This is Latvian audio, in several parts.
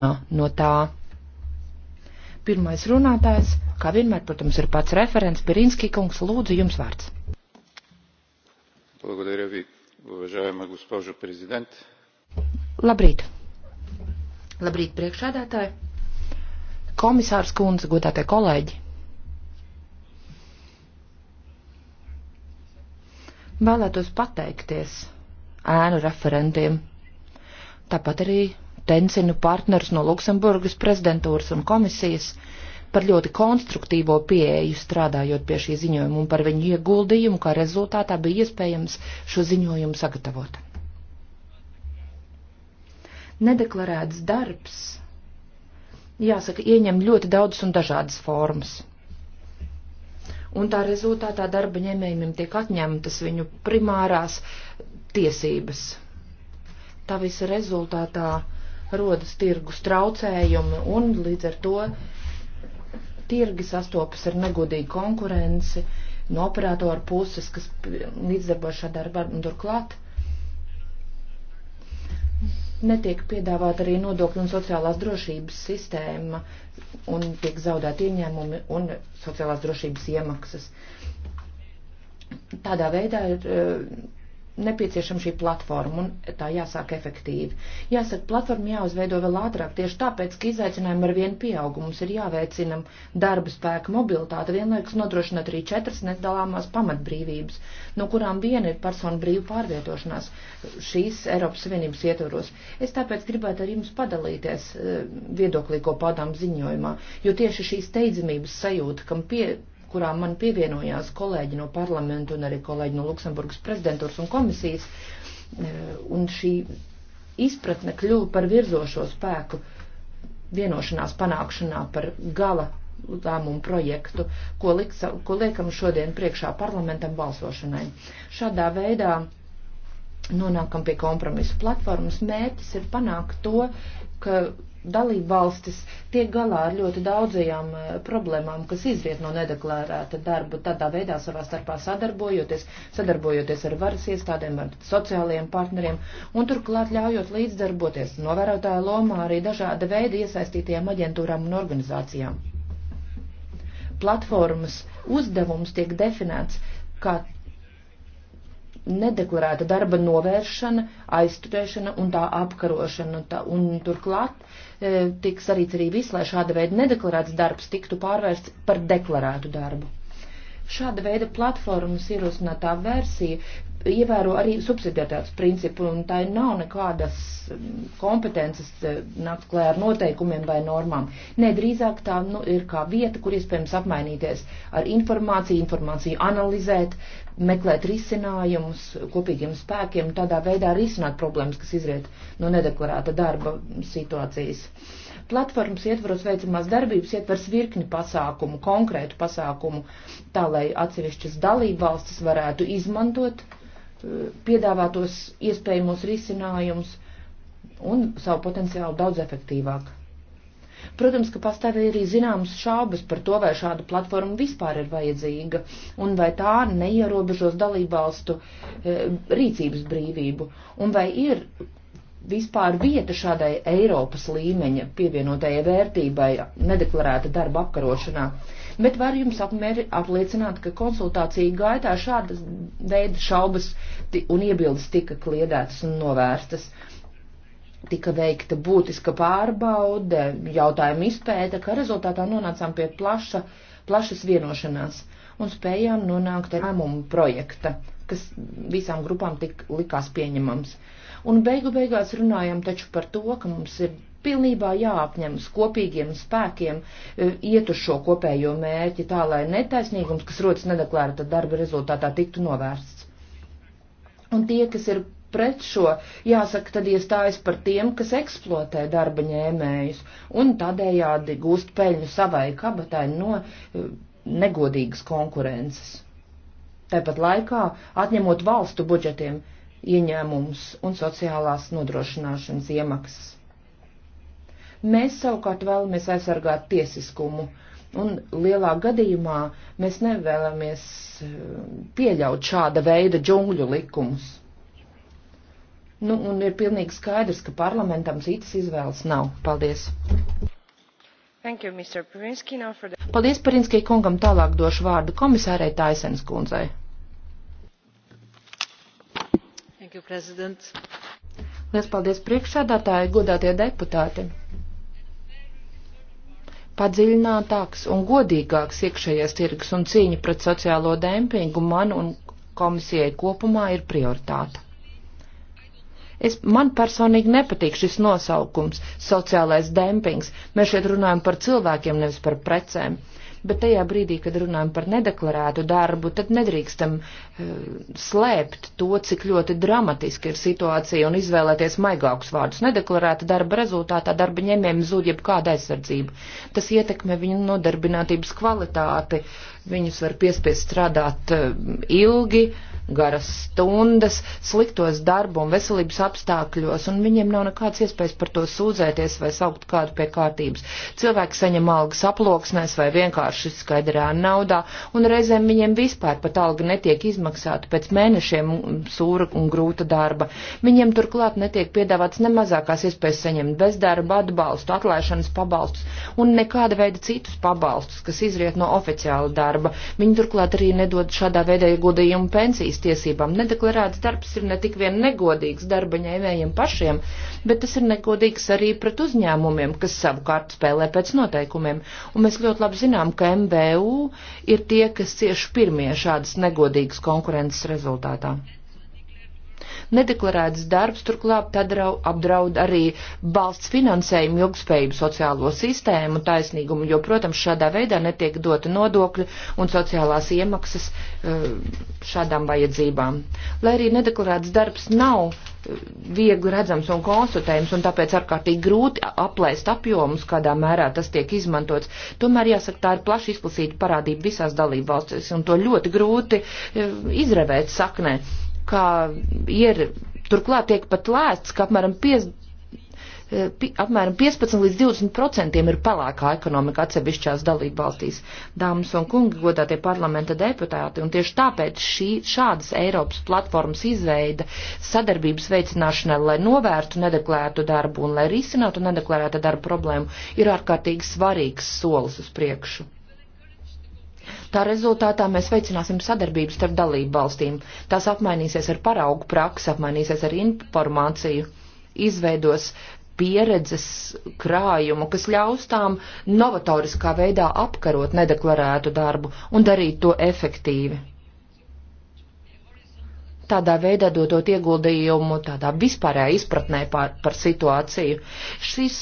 no tā. Pirmais runātājs, kā vienmēr, protams, ir pats referents Pirinski kungs. Lūdzu, jums vārds. Vi, Labrīt. Labrīt, priekšādātāji. Komisārs kundze, godātie kolēģi. Vēlētos pateikties ēnu referentiem, tāpat arī Tensinu partnerus no Luksemburgas prezidentūras un komisijas par ļoti konstruktīvo pieeju strādājot pie šī ziņojuma un par viņu ieguldījumu, kā rezultātā bija iespējams šo ziņojumu sagatavot. Nedeklarēts darbs, jāsaka, ieņem ļoti daudz un dažādas formas. Un tā rezultātā darba ņēmējiem tiek atņemtas viņu primārās tiesības. Tā visa rezultātā rodas tirgus traucējumi un līdz ar to tirgi sastopas ar negodīgu konkurenci no operatoru puses, kas līdzdarbo šādā darbā un turklāt netiek piedāvāta arī nodokļu un sociālās drošības sistēma un tiek zaudēti ieņēmumi un sociālās drošības iemaksas. Tādā veidā ir eh, nepieciešama šī platforma, un tā jāsāk efektīvi. Jāsaka, platforma jāuzveido vēl ātrāk, tieši tāpēc, ka izaicinājumi ar vienu pieaugu mums ir jāveicina darba spēka mobilitāte, vienlaikus nodrošinot arī četras nedalāmās pamatbrīvības, no kurām viena ir persona brīva pārvietošanās šīs Eiropas Savienības ietvaros. Es tāpēc gribētu ar jums padalīties eh, viedoklī, ko padām ziņojumā, jo tieši šī steidzamības sajūta, kam pie kurām man pievienojās kolēģi no parlamentu un arī kolēģi no Luksemburgas prezidentūras un komisijas. E, un šī izpratne kļuva par virzošo spēku vienošanās panākšanā par gala lēmumu projektu, ko, liks, ko liekam šodien priekšā parlamentam balsošanai. Šādā veidā nonākam pie kompromisu platformas. Mērķis ir panākt to, ka dalībvalstis tiek galā ar ļoti daudzajām eh, problēmām, kas izriet no nedeklarēta darba, tādā veidā savā starpā sadarbojoties, sadarbojoties ar varas iestādēm, ar sociālajiem partneriem un turklāt ļaujot līdzdarboties novērotāja lomā arī dažāda veida iesaistītajām aģentūrām un organizācijām. Platformas uzdevums tiek definēts kā nedeklarēta darba novēršana, aizturēšana un tā apkarošana. Un, tā, un turklāt e, tiks arī cerība viss, lai šāda veida nedeklarēts darbs tiktu pārvērsts par deklarētu darbu. Šāda veida platformas ierosinātā versija ievēro arī subsidiaritātes principu, un tā nav nekādas mm, kompetences eh, nākt klē ar noteikumiem vai normām. Nē, drīzāk tā nu, ir kā vieta, kur iespējams apmainīties ar informāciju, informāciju analizēt, meklēt risinājumus kopīgiem spēkiem, tādā veidā risināt problēmas, kas izriet no nedeklarēta darba situācijas. Uh, platformas ietvaros veicamās darbības ietvers virkni pasākumu, konkrētu pasākumu, tā lai atsevišķas dalībvalstis varētu izmantot eh, piedāvātos iespējamos risinājumus un savu potenciālu daudz efektīvāk. Protams, ka pastāv arī zināmas šaubas par to, vai šāda platforma vispār ir vajadzīga un vai tā neierobežos dalībvalstu e, rīcības brīvību un vai ir vispār vieta šādai Eiropas līmeņa pievienotajai vērtībai nedeklarēta darba apkarošanā. Bet var jums apmēri apliecināt, ka konsultāciju gaitā šādas veida šaubas un iebildes tika kliedētas un novērstas. Tika veikta būtiska pārbaude, jautājuma izpēta, ka rezultātā nonācām pie plaša, plašas vienošanās un spējām nonākt ar lēmumu projekta, kas visām grupām tik likās pieņemams. Uh, Un beigu beigās runājam taču par to, ka mums ir pilnībā jāapņemas kopīgiem spēkiem e, iet uz šo kopējo mērķi tā, lai netaisnīgums, kas rodas nedeklarēta darba rezultātā, tiktu novērsts. Un tie, kas ir pret šo, jāsaka, tad iestājas par tiem, kas eksploatē darba ņēmējus un tādējādi gūst peļņu savai kabatai no e, negodīgas konkurences. Tāpat laikā atņemot valstu budžetiem ieņēmumus un sociālās nodrošināšanas iemaksas. Mēs savukārt vēlamies aizsargāt tiesiskumu, un lielā gadījumā mēs nevēlamies eh, pieļaut šāda veida džungļu likumus. Nu, un ir pilnīgi skaidrs, ka parlamentam citas izvēles nav. Paldies! Thank you, Mr. Prinsky, the... Paldies, Parinskie kungam, tālāk došu vārdu komisārai Taisens kundzei. you, President. Liels paldies priekšsādātāji, godātie deputāti! Padziļinātāks un godīgāks iekšējais tirgus un cīņa pret sociālo dempingu man un komisijai kopumā ir prioritāte. Es, man personīgi nepatīk šis nosaukums - sociālais dempings. Mēs šeit runājam par cilvēkiem, nevis par precēm bet tajā brīdī, kad runājam par nedeklarētu darbu, tad nedrīkstam uh, slēpt to, cik ļoti dramatiski ir situācija un izvēlēties maigākus vārdus. Nedeklarēta darba rezultātā darba ņēmējiem zūd jebkāda aizsardzība. Tas ietekmē viņu nodarbinātības kvalitāti, viņus var piespiest strādāt uh, ilgi. Uh, garas stundas, sliktos darbu un veselības apstākļos, un viņiem nav nekāds iespējas par to sūdzēties vai saukt kādu pie kārtības. Cilvēki saņem algas aploksnēs vai vienkārši skaidrā naudā, un reizēm viņiem vispār pat alga netiek izmaksāta pēc mēnešiem sūra un grūta darba. Viņiem turklāt netiek piedāvāts nemazākās iespējas saņemt bezdarba atbalstu, atlaišanas pabalstus un nekāda veida citus pabalstus, kas izriet no oficiāla darba. Viņi turklāt arī nedod šādā veidā ieguldījumu pensijas darbinieces tiesībām. Nedeklarēts darbs ir ne tik vien negodīgs darba ņēmējiem pašiem, bet tas ir negodīgs arī pret uzņēmumiem, kas savukārt spēlē pēc noteikumiem. Un mēs ļoti labi zinām, ka MVU ir tie, kas cieši pirmie šādas negodīgas konkurences rezultātā. Nedeklarēts darbs turklāt apdraud arī valsts finansējumu, ilgspējību, sociālo sistēmu un taisnīgumu, jo, protams, šādā veidā netiek dota nodokļi un sociālās iemaksas e, šādām vajadzībām. Lai arī nedeklarēts darbs nav e, viegli redzams un konstatējams, un tāpēc ārkārtīgi grūti aplēst apjomus, kādā mērā tas tiek izmantots. Tomēr, jāsaka, tā ir plaši izplatīta parādība visās dalībvalstīs, un to ļoti grūti e, izrevēt saknē ka ir, turklāt tiek pat lēsts, ka apmēram 5 eh, apmēram 15 līdz 20 procentiem ir pelēkā ekonomika atsevišķās dalība valstīs. Dāmas un kungi, godātie parlamenta deputāti, un tieši tāpēc šī, šādas Eiropas platformas izveida sadarbības veicināšanai, lai novērtu nedeklarētu darbu un lai risinātu nedeklarēta darba problēmu, ir ārkārtīgi svarīgs solis uz priekšu. Tā rezultātā mēs veicināsim sadarbību starp dalību valstīm. Tās apmainīsies ar paraugu praksi, apmainīsies ar informāciju, izveidos pieredzes krājumu, kas ļaus tām novatoriskā veidā apkarot nedeklarētu darbu un darīt to efektīvi. Tādā veidā dodot ieguldījumu tādā vispārējā izpratnē par, par situāciju. Šis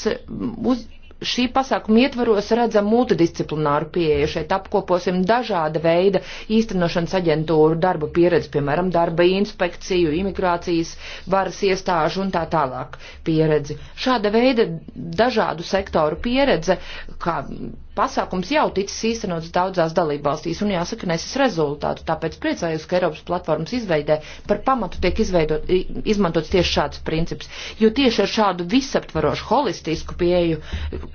uz, šī pasākuma ietvaros redzam multidisciplināru pieeju. Šeit apkoposim dažāda veida īstenošanas aģentūru darba pieredzi, piemēram, darba inspekciju, imigrācijas varas iestāžu un tā tālāk pieredzi. Šāda veida dažādu sektoru pieredze, kā pasākums jau ticis īstenots daudzās dalībvalstīs un jāsaka nesis rezultātu, tāpēc priecājos, ka Eiropas platformas izveidē par pamatu tiek izveidot, izmantots tieši šāds princips, jo tieši ar šādu visaptvarošu holistisku pieju,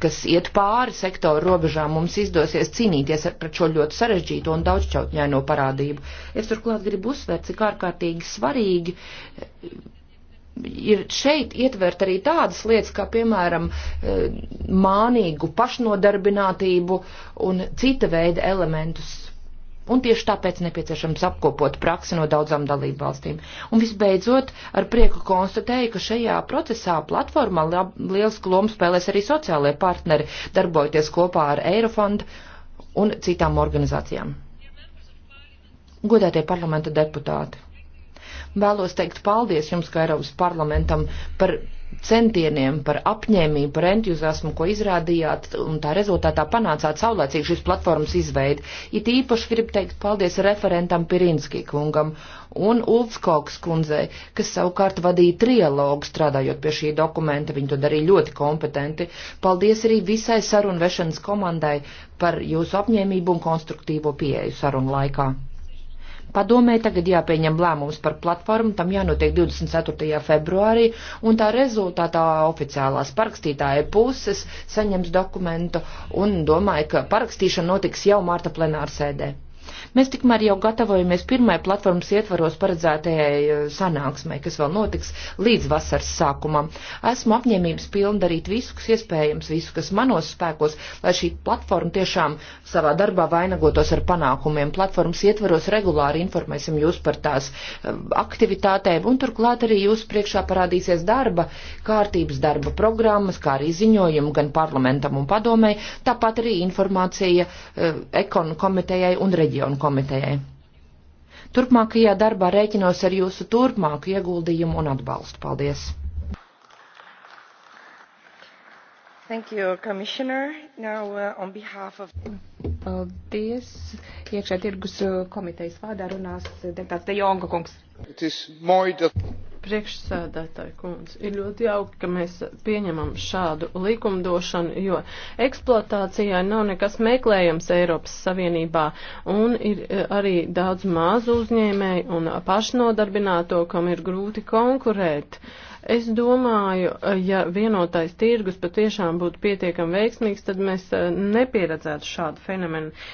kas iet pāri sektoru robežām, mums izdosies cīnīties ar, pret šo ļoti sarežģīto un daudzšķautņaino parādību. Es turklāt gribu uzsvērt, cik ārkārtīgi svarīgi ir šeit ietvert arī tādas lietas, kā piemēram eh, mānīgu pašnodarbinātību un cita veida elementus. Un tieši tāpēc nepieciešams apkopot praksi no daudzām dalību valstīm. Un visbeidzot, ar prieku konstatēju, ka šajā procesā platformā liels lomu spēlēs arī sociālajie partneri, darbojoties kopā ar Eirofondu un citām organizācijām. Godētie parlamenta deputāti! Vēlos teikt paldies jums, kā Eiropas parlamentam, par centieniem, par apņēmību, par entuziasmu, ko izrādījāt, un tā rezultātā panācāt saulēcīgi šīs platformas izveidi. It īpaši gribu teikt paldies referentam Pirinski kungam un Ulfskoks kundzei, kas savukārt vadīja trialogu strādājot pie šī dokumenta, viņi to darīja ļoti kompetenti. Paldies arī visai sarunvešanas komandai par jūsu apņēmību un konstruktīvo pieeju sarunu laikā. Padomē tagad jāpieņem lēmums par platformu, tam jānotiek 24. februārī, un tā rezultātā oficiālās parakstītāja puses saņems dokumentu un domāju, ka parakstīšana notiks jau mārta plenārsēdē. Mēs tikmēr jau gatavojamies pirmai platformas ietvaros paredzētajai eh, sanāksmai, kas vēl notiks līdz vasaras sākumam. Esmu apņēmības pilna darīt visu, kas iespējams, visu, kas manos spēkos, lai šī platforma tiešām savā darbā vainagotos ar panākumiem. Platformas ietvaros regulāri informēsim jūs par tās eh, aktivitātēm un turklāt arī jūs priekšā parādīsies darba kārtības darba programmas, kā arī ziņojumu gan parlamentam un padomē, tāpat arī informācija eh, ekonu komitejai un reģionu reģionu komitejai. Turpmākajā darbā rēķinos ar jūsu turpmāku ieguldījumu un atbalstu. Paldies! Thank you, Commissioner. Now, uh, on behalf of... Paldies. Iekšē tirgus uh, komitejas vārdā runās uh, deputāts De Jonga kungs. Priekšsēdētāji kundze, ir ļoti jauki, ka mēs pieņemam šādu likumdošanu, jo eksploatācijai nav nekas meklējams Eiropas Savienībā, un ir e, arī daudz mazu uzņēmēju un pašnodarbināto, kam ir grūti konkurēt. Es domāju, e, ja vienotais tirgus patiešām būtu pietiekami veiksmīgs, tad mēs e, nepieredzētu šādu fenomenu.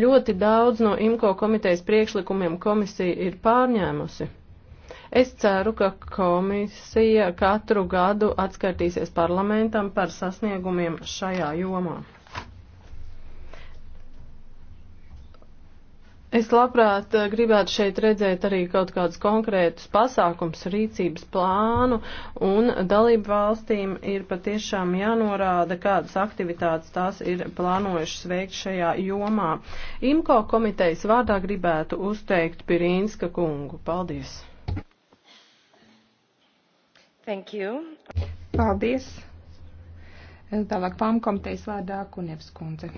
Ļoti daudz no IMCO komitejas priekšlikumiem komisija ir pārņēmusi. Es ceru, ka komisija katru gadu atskaitīsies parlamentam par sasniegumiem šajā jomā. Es labprāt eh, gribētu šeit redzēt arī kaut kādus konkrētus pasākums, rīcības plānu, un dalību valstīm ir patiešām jānorāda, kādas aktivitātes tās ir plānojušas veikt šajā jomā. IMKO komitejas vārdā gribētu uzteikt Pirīnska kungu. Paldies! Thank you. Paldies. Tālāk PAM komitejas vārdā Kunievs kundze.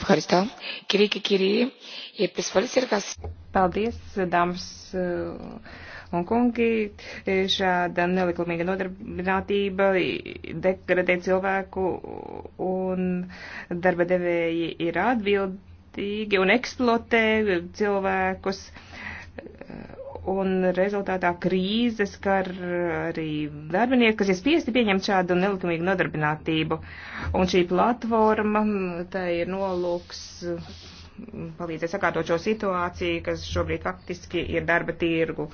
Ευχαριστώ. Κυρίε και κύριοι, οι επισφαλείς εργασίες... Paldies, dāmas uh, un kungi. Šāda nelikumīga nodarbinātība degradē cilvēku un darba devēji ir atbildīgi un eksploatē cilvēkus un rezultātā krīzes, kā arī darbinieki, kas ir spiesti pieņemt šādu nelikumīgu nodarbinātību. Un šī platforma, tā ir nolūks palīdzēt sakārtot šo situāciju, kas šobrīd faktiski ir darba tirgu.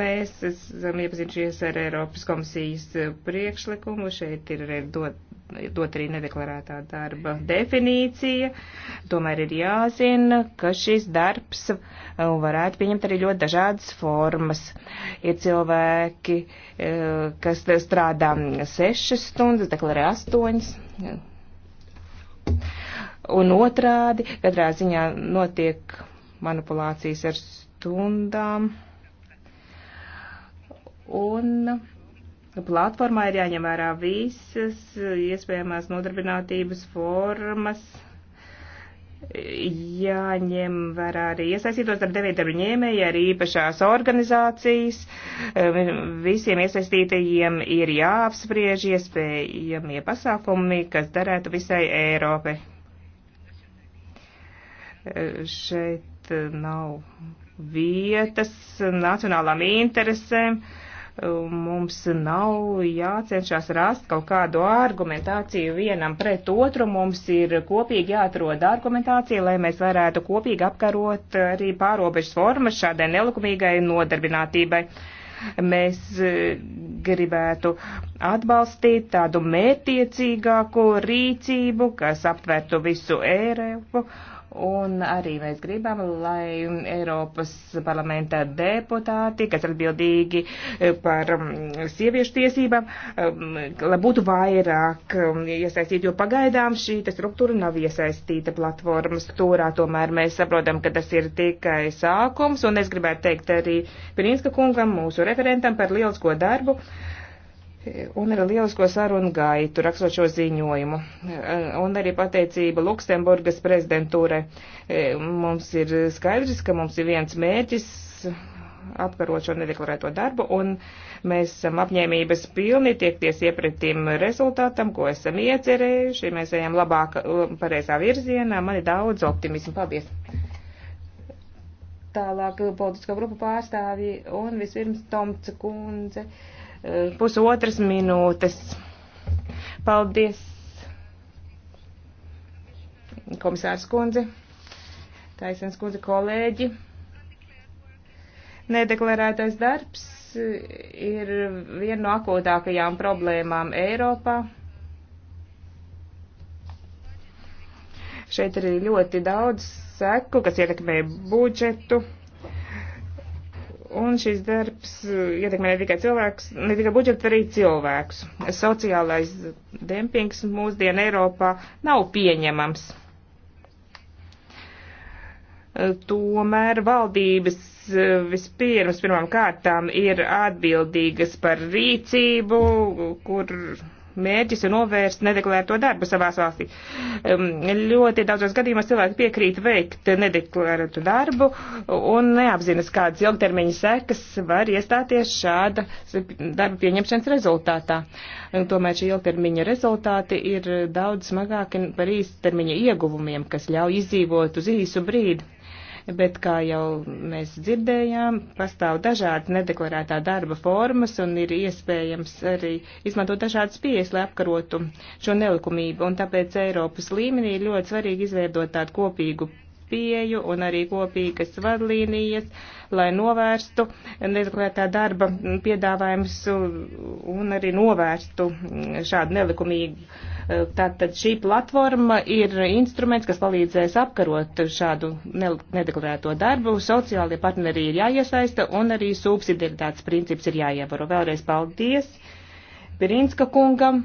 Mēs esam iepazinušies ar Eiropas komisijas priekšlikumu, šeit ir dot, dot arī nedeklarētā darba definīcija. Tomēr ir jāzina, ka šis darbs uh, varētu pieņemt arī ļoti dažādas formas. Ir cilvēki, uh, kas strādā sešas stundas, deklarē astoņas un otrādi, katrā ziņā notiek manipulācijas ar stundām. Un platformā ir jāņem vērā visas iespējamās nodarbinātības formas, jāņem vērā arī iesaistītos ar devītarbu ņēmēju, arī īpašās organizācijas. Visiem iesaistītajiem ir jāapspriež iespējamie pasākumi, kas darētu visai Eiropai šeit nav vietas nacionālām interesēm. Mums nav jācenšas rast kaut kādu argumentāciju vienam pret otru. Mums ir kopīgi jāatrod argumentācija, lai mēs varētu kopīgi apkarot arī pārobežas formas šādai nelikumīgai nodarbinātībai. Mēs e, gribētu atbalstīt tādu mētiecīgāku rīcību, kas aptvertu visu Eiropu Un arī mēs gribam, lai Eiropas parlamenta deputāti, kas ir atbildīgi eh, par mm, sieviešu tiesībām, eh, lai būtu vairāk mm, iesaistīti, jo pagaidām šī struktūra nav iesaistīta platformas stūrā. Tomēr mēs saprotam, ka tas ir tikai sākums, un es gribētu teikt arī Pirinska kungam, mūsu referentam, par lielisko darbu. Uh, un ar lielisko sarunu gaitu rakstot šo ziņojumu. Eh, un arī pateicība Luksemburgas prezidentūrai. Eh, mums ir skaidrs, ka mums ir viens mērķis apkarot šo nedeklarēto darbu, un mēs esam apņēmības pilni tiekties iepretim rezultātam, ko esam iecerējuši. Mēs ejam labāk, pareizā virzienā. Man ir daudz optimismu. Paldies! Tālāk politisko grupu pārstāvji un vispirms Tomca kundze. Uh, Eh, pusotras minūtes. Paldies, komisārs kundze, taisnības kundze, kolēģi. Nedeklarētais darbs eh, ir viena no akūtākajām problēmām Eiropā. Šeit ir ļoti daudz seku, kas ietekmē budžetu Un šis darbs uh, ietekmē ne tikai cilvēkus, ne tikai budžetu, bet arī cilvēkus. Sociālais dempings mūsdienu Eiropā nav pieņemams. Uh, tomēr valdības uh, vispirms, pirmām kārtām, ir atbildīgas par rīcību, kur mērķis ir novērst nedeklarēto darbu savās valstī. Um, ļoti daudzos gadījumos cilvēki piekrīt veikt nedeklarētu darbu un neapzinas, kādas ilgtermiņa sekas var iestāties šāda darba pieņemšanas rezultātā. Tomēr šie ilgtermiņa rezultāti ir daudz smagāki par īstermiņa ieguvumiem, kas ļauj izdzīvot uz īsu brīdi bet, kā jau mēs dzirdējām, pastāv dažādas nedeklarētā darba formas un ir iespējams arī izmantot dažādas pieejas, lai apkarotu šo nelikumību. Un tāpēc Eiropas līmenī ir ļoti svarīgi izveidot tādu kopīgu pieju un arī kopīgas vadlīnijas, lai novērstu nedeklarētā darba piedāvājumus un arī novērstu šādu nelikumīgu Tātad šī platforma ir instruments, kas palīdzēs apkarot šādu nedeklarēto darbu. Sociālie partneri ir jāiesaista un arī subsidiaritātes princips ir jāievaro. Vēlreiz paldies Pirinska kungam.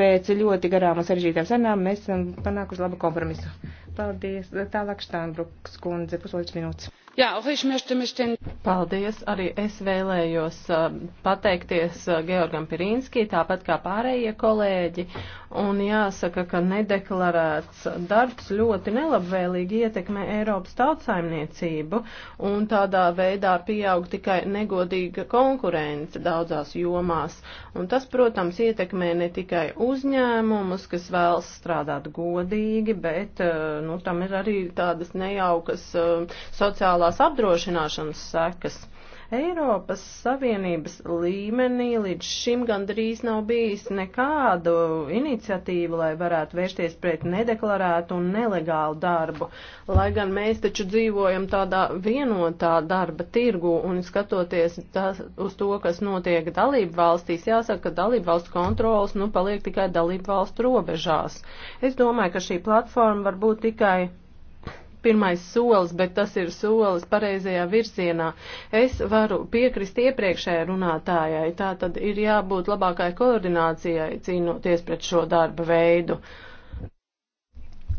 Pēc ļoti garām un sarežģītām sarunām mēs esam panākuši labu kompromisu. Paldies. Tālāk Štānbruks kundze, puslīdz minūtes. Paldies! Arī es vēlējos uh, pateikties uh, Georgam Pirinski, tāpat kā pārējie kolēģi. Un jāsaka, ka nedeklarēts darbs ļoti nelabvēlīgi ietekmē Eiropas tautsaimniecību un tādā veidā pieaug tikai negodīga konkurence daudzās jomās. Un tas, protams, ietekmē ne tikai uzņēmumus, kas vēlas strādāt godīgi, bet uh, nu, tam ir arī tādas nejaukas sociālās sociālās apdrošināšanas sekas. Eiropas Savienības līmenī līdz šim gandrīz nav bijis nekādu iniciatīvu, lai varētu vērsties pret nedeklarētu un nelegālu darbu. Lai gan mēs taču dzīvojam tādā vienotā darba tirgu un skatoties tas, uz to, kas notiek dalību valstīs, jāsaka, ka dalību valstu kontrols nu paliek tikai dalību valstu robežās. Es domāju, ka šī platforma var būt tikai pirmais solis, bet tas ir solis pareizajā virzienā. Es varu piekrist iepriekšējai runātājai, tā tad ir jābūt labākai koordinācijai cīnoties pret šo darba veidu. Uh,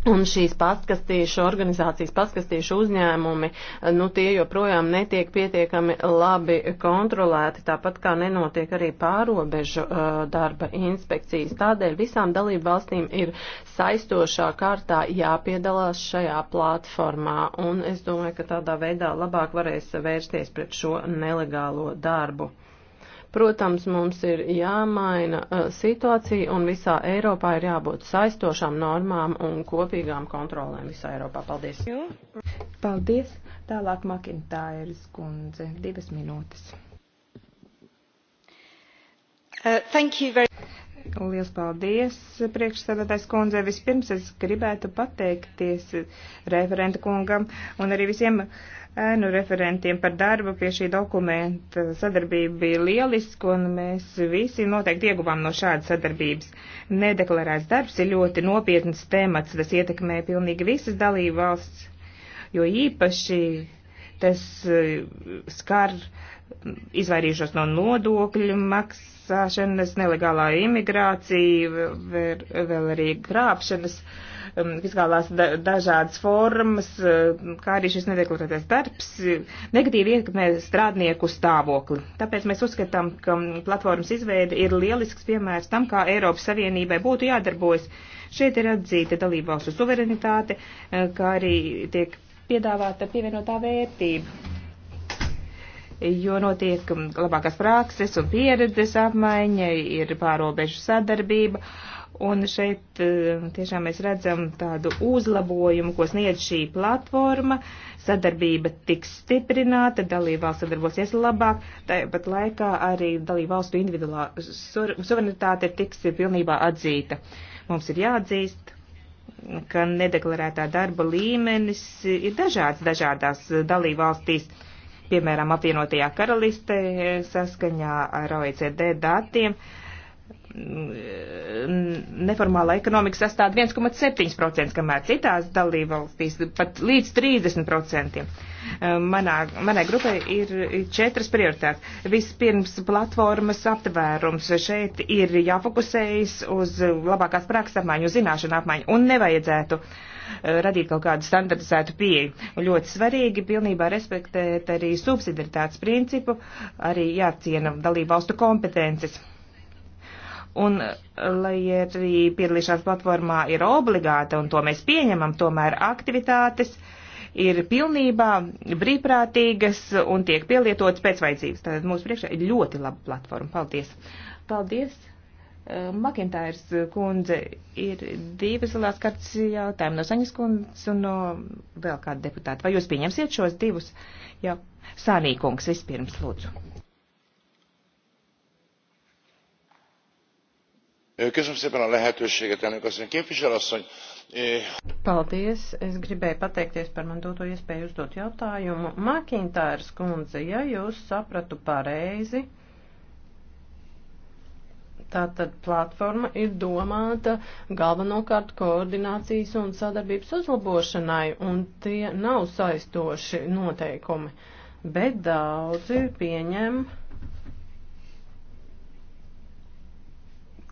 Un šīs paskastīšu organizācijas, paskastīšu uzņēmumi, eh, nu tie joprojām netiek pietiekami labi kontrolēti, tāpat kā nenotiek arī pārobežu uh, darba inspekcijas. Tādēļ visām dalību valstīm ir saistošā kārtā jāpiedalās šajā platformā, un es domāju, ka tādā veidā labāk varēs vērsties pret šo nelegālo darbu. Protams, mums ir jāmaina uh, situācija un visā Eiropā ir jābūt saistošām normām un kopīgām kontrolēm visā Eiropā. Paldies! Paldies! Tālāk Makintājas kundze, divas minūtes. Uh, thank you very much. Lielas paldies, priekšsēdētājs kundze. Vispirms es gribētu pateikties referenta kungam un arī visiem uh, ēnu referentiem par darbu pie šī dokumenta. Sadarbība bija lieliska, un mēs visi noteikti ieguvām no šādas sadarbības. Nedeklarēts darbs ir ļoti nopietns temats, tas ietekmē pilnīgi visas dalību valsts, jo īpaši tas eh, skar mm, izvairīšos no nodokļu maksāšanas, nelegālā imigrācija, vēl arī krāpšanas. Uh, Um, fiskālās dažādas formas, um, kā arī šis nedeklarētais darbs negatīvi ietekmē strādnieku stāvokli. Tāpēc mēs uzskatām, ka um, platformas izveide ir lielisks piemērs tam, kā Eiropas Savienībai būtu jādarbojas. Šeit ir atzīta dalībvalstu suverenitāte, uh, kā arī tiek piedāvāta pievienotā vērtība jo notiek labākās prakses un pieredzes apmaiņa, ir pārobežu sadarbība, uh, Un šeit eh, tiešām mēs redzam tādu uzlabojumu, ko sniedz šī platforma. Sadarbība tiks stiprināta, dalībvalsts sadarbosies labāk, tāpat laikā arī dalībvalstu individuālā suverenitāte tiks pilnībā atzīta. Mums ir jāatzīst, ka nedeklarētā darba līmenis ir dažāds dažādās dalībvalstīs. Piemēram, apvienotajā karalistē saskaņā ar OECD datiem neformālā ekonomika sastāv 1,7%, kamēr citās dalībvalstīs pat līdz 30%. Manā, manai grupai ir četras prioritātes. Vispirms platformas aptvērums. Šeit ir jāfokusējas uz labākās prakses apmaiņu, zināšanu apmaiņu un nevajadzētu uh, radīt kaut kādu standartizētu pieeju. Ļoti svarīgi pilnībā respektēt arī subsidiaritātes principu, arī jāciena dalību valstu kompetences. Un, eh, lai arī piedalīšanās platformā ir obligāta, un to mēs pieņemam, tomēr aktivitātes ir pilnībā brīvprātīgas un tiek pielietotas pēc vajadzības. Tātad mūsu priekšā ir ļoti laba platforma. Paldies! Paldies! Eh, Makintārs kundze ir divas lielās kartas jautājumi no Saņas kundzes un no vēl kāda deputāta. Vai jūs pieņemsiet šos divus? Jā, Sānī kungs vispirms, lūdzu. Köszönöm szépen a lehetőséget, elnök asszony. Képviselő asszony. Paldies. Es gribēju pateikties par man doto iespēju uzdot jautājumu. Makintārs kundze, ja jūs sapratu pareizi, tātad platforma ir domāta galvenokārt koordinācijas un sadarbības uzlabošanai, un tie nav saistoši noteikumi, bet daudzi pieņem. Uh,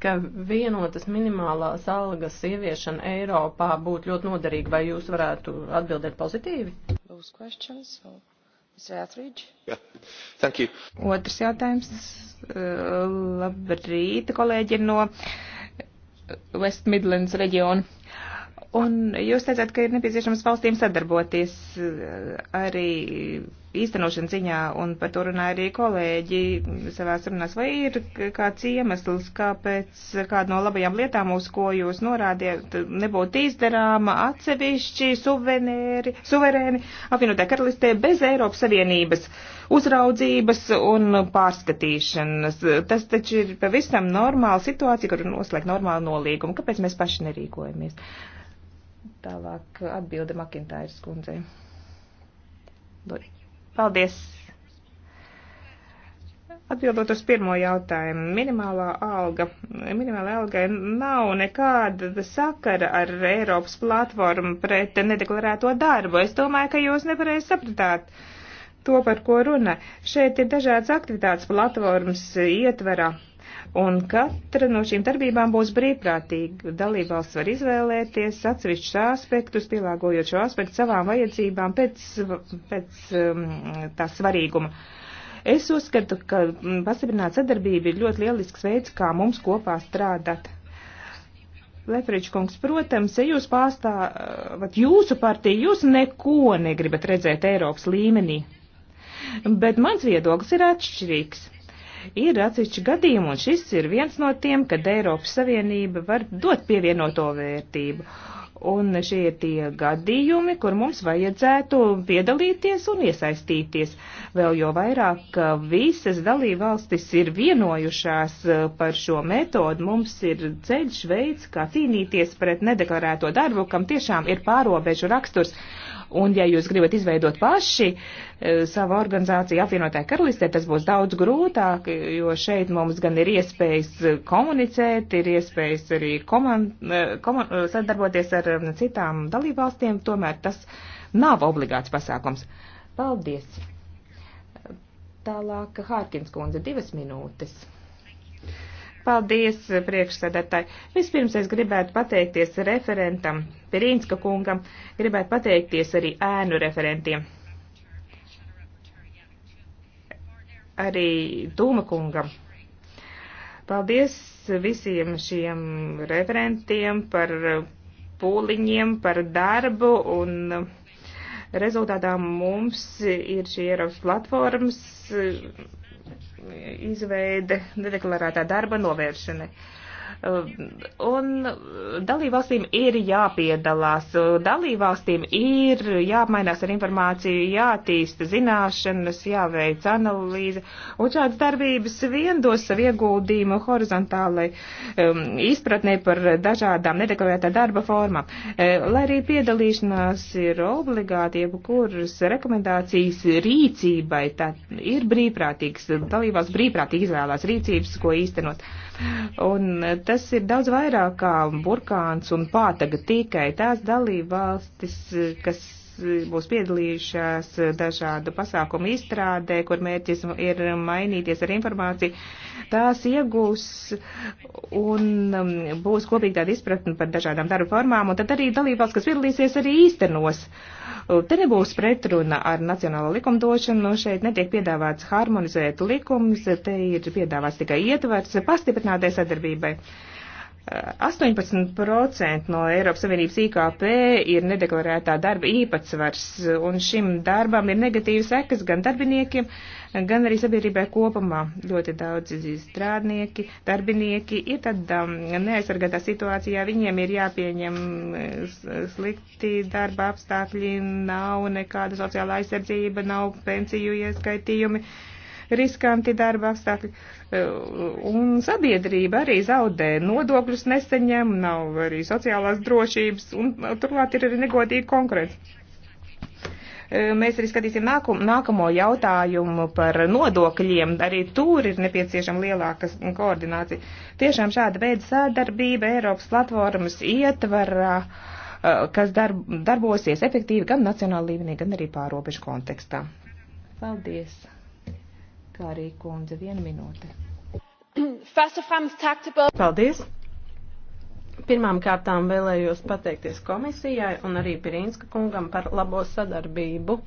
ka vienotas minimālās algas ieviešana Eiropā būtu ļoti noderīga, vai jūs varētu atbildēt pozitīvi? Yeah. Otrs jautājums. Uh, labrīt, kolēģi no West Midlands reģiona. Un jūs teicāt, ka ir nepieciešams valstīm sadarboties eh, arī īstenošanas ziņā, un par to runāja arī kolēģi savās runās. Vai ir kāds iemesls, kāpēc kāda no labajām lietām, uz ko jūs norādījat, nebūtu izdarāma atsevišķi suvenēri, suverēni apvienotā karalistē bez Eiropas Savienības uzraudzības un pārskatīšanas? Tas taču ir pavisam normāla situācija, kur noslēgt normālu nolīgumu. Kāpēc mēs paši nerīkojamies? Tālāk atbilde Makintājas kundzei. Paldies! Atbildot uz pirmo jautājumu, minimālā alga. Minimālā alga nav nekāda sakara ar Eiropas platformu pret nedeklarēto darbu. Es domāju, ka jūs nepareiz sapratāt to, par ko runa. Šeit ir dažādas aktivitātes platformas ietverā. Un katra no šīm darbībām būs brīvprātīga. Dalībvalsts var izvēlēties atsevišķus aspektus, pielāgojot šo aspektu savām vajadzībām pēc, pēc um, tā svarīguma. Es uzskatu, ka mm, pastiprināta sadarbība ir ļoti lielisks veids, kā mums kopā strādāt. Lefričkungs, protams, ja jūs pārstāvat jūsu partiju, jūs neko negribat redzēt Eiropas līmenī. Bet mans viedoklis ir atšķirīgs. Ir atsevišķi gadījumi, un šis ir viens no tiem, kad Eiropas Savienība var dot pievienoto vērtību. Un šie ir tie gadījumi, kur mums vajadzētu piedalīties un iesaistīties. Vēl jo vairāk visas dalībvalstis ir vienojušās eh, par šo metodu, mums ir ceļš veids, kā cīnīties pret nedeklarēto darbu, kam tiešām ir pārobežu raksturs. Un, ja jūs gribat izveidot paši e, savu organizāciju apvienotāju karalistē, tas būs daudz grūtāk, jo šeit mums gan ir iespējas komunicēt, ir iespējas arī koman, e, koman, e, sadarboties ar citām dalībvalstīm, tomēr tas nav obligāts pasākums. Paldies! Tālāk Hārkins kundze divas minūtes. Paldies, priekšsēdētāji. Vispirms es gribētu pateikties referentam Pirīnska kungam, gribētu pateikties arī ēnu referentiem. Arī Dūma kungam. Paldies visiem šiem referentiem par pūliņiem, par darbu un rezultātā mums ir šī Eiropas platformas izveide, nedeklarētā darba novēršana. Uh, un dalībvalstīm ir jāpiedalās, dalībvalstīm ir jāapmainās ar informāciju, jātīsta zināšanas, jāveic analīze, un šādas darbības vien dos savu ieguldījumu horizontālai um, izpratnē par dažādām nedeklarētā darba formām. E, lai arī piedalīšanās ir obligāti, jebkuras rekomendācijas rīcībai, tā ir brīvprātīgs, dalībvalsts brīvprātīgi izvēlās rīcības, ko īstenot. Uh, Un tas ir daudz vairāk kā burkāns un pātaga tikai tās dalībvalstis, kas būs piedalījušās dažādu pasākumu izstrādē, kur mērķis ir mainīties ar informāciju, tās iegūs un um, būs kopīgi tāda izpratne par dažādām darba formām, un tad arī dalībvalsts, kas piedalīsies, arī īstenos. Uh, Uh, te nebūs pretruna ar nacionālo likumdošanu, šeit netiek piedāvāts harmonizēt likumus, te ir piedāvāts tikai ietvers pastiprinātai sadarbībai. 18% uh, no Eiropas Savienības IKP ir nedeklarētā darba īpatsvars, un šim darbam ir negatīvas sekas gan darbiniekiem, uh, gan arī sabiedrībai kopumā. Ļoti daudz strādnieki, darbinieki ir tādā um, neaizsargātā situācijā, viņiem ir jāpieņem uh, slikti darba apstākļi, nav nekāda sociāla aizsardzība, nav pensiju ieskaitījumi riskanti darba apstākļi. Uh, un sabiedrība arī zaudē nodokļus neseņem, nav arī sociālās drošības, un turklāt ir arī negodīga konkurence. Mēs arī skatīsim nākum, nākamo jautājumu par nodokļiem. Arī tur ir nepieciešama lielāka koordinācija. Tiešām šāda veida sadarbība Eiropas platformas ietvarā, kas darb, darbosies efektīvi gan nacionāla līmenī, gan arī pārobežu kontekstā. Paldies. Kā arī kundze, viena minūte. Paldies. Pirmām kārtām vēlējos pateikties komisijai un arī Pirinska kungam par labo sadarbību.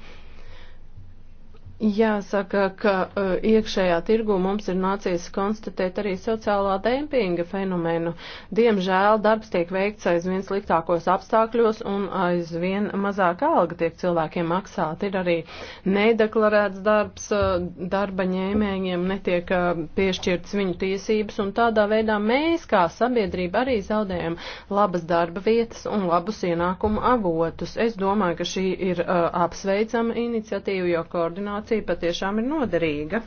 Jāsaka, ka e, iekšējā tirgu mums ir nācies konstatēt arī sociālā dempinga fenomenu. Diemžēl darbs tiek veikts aizvien sliktākos apstākļos un aizvien mazāk alga tiek cilvēkiem maksāt. Ir arī nedeklarēts darbs, e, darba ņēmējiem netiek e, piešķirts viņu tiesības un tādā veidā mēs kā sabiedrība arī zaudējam labas darba vietas un labus ienākumu avotus. Es domāju, ka šī ir uh, apsveicama iniciatīva, jo koordinācija informācija patiešām ir noderīga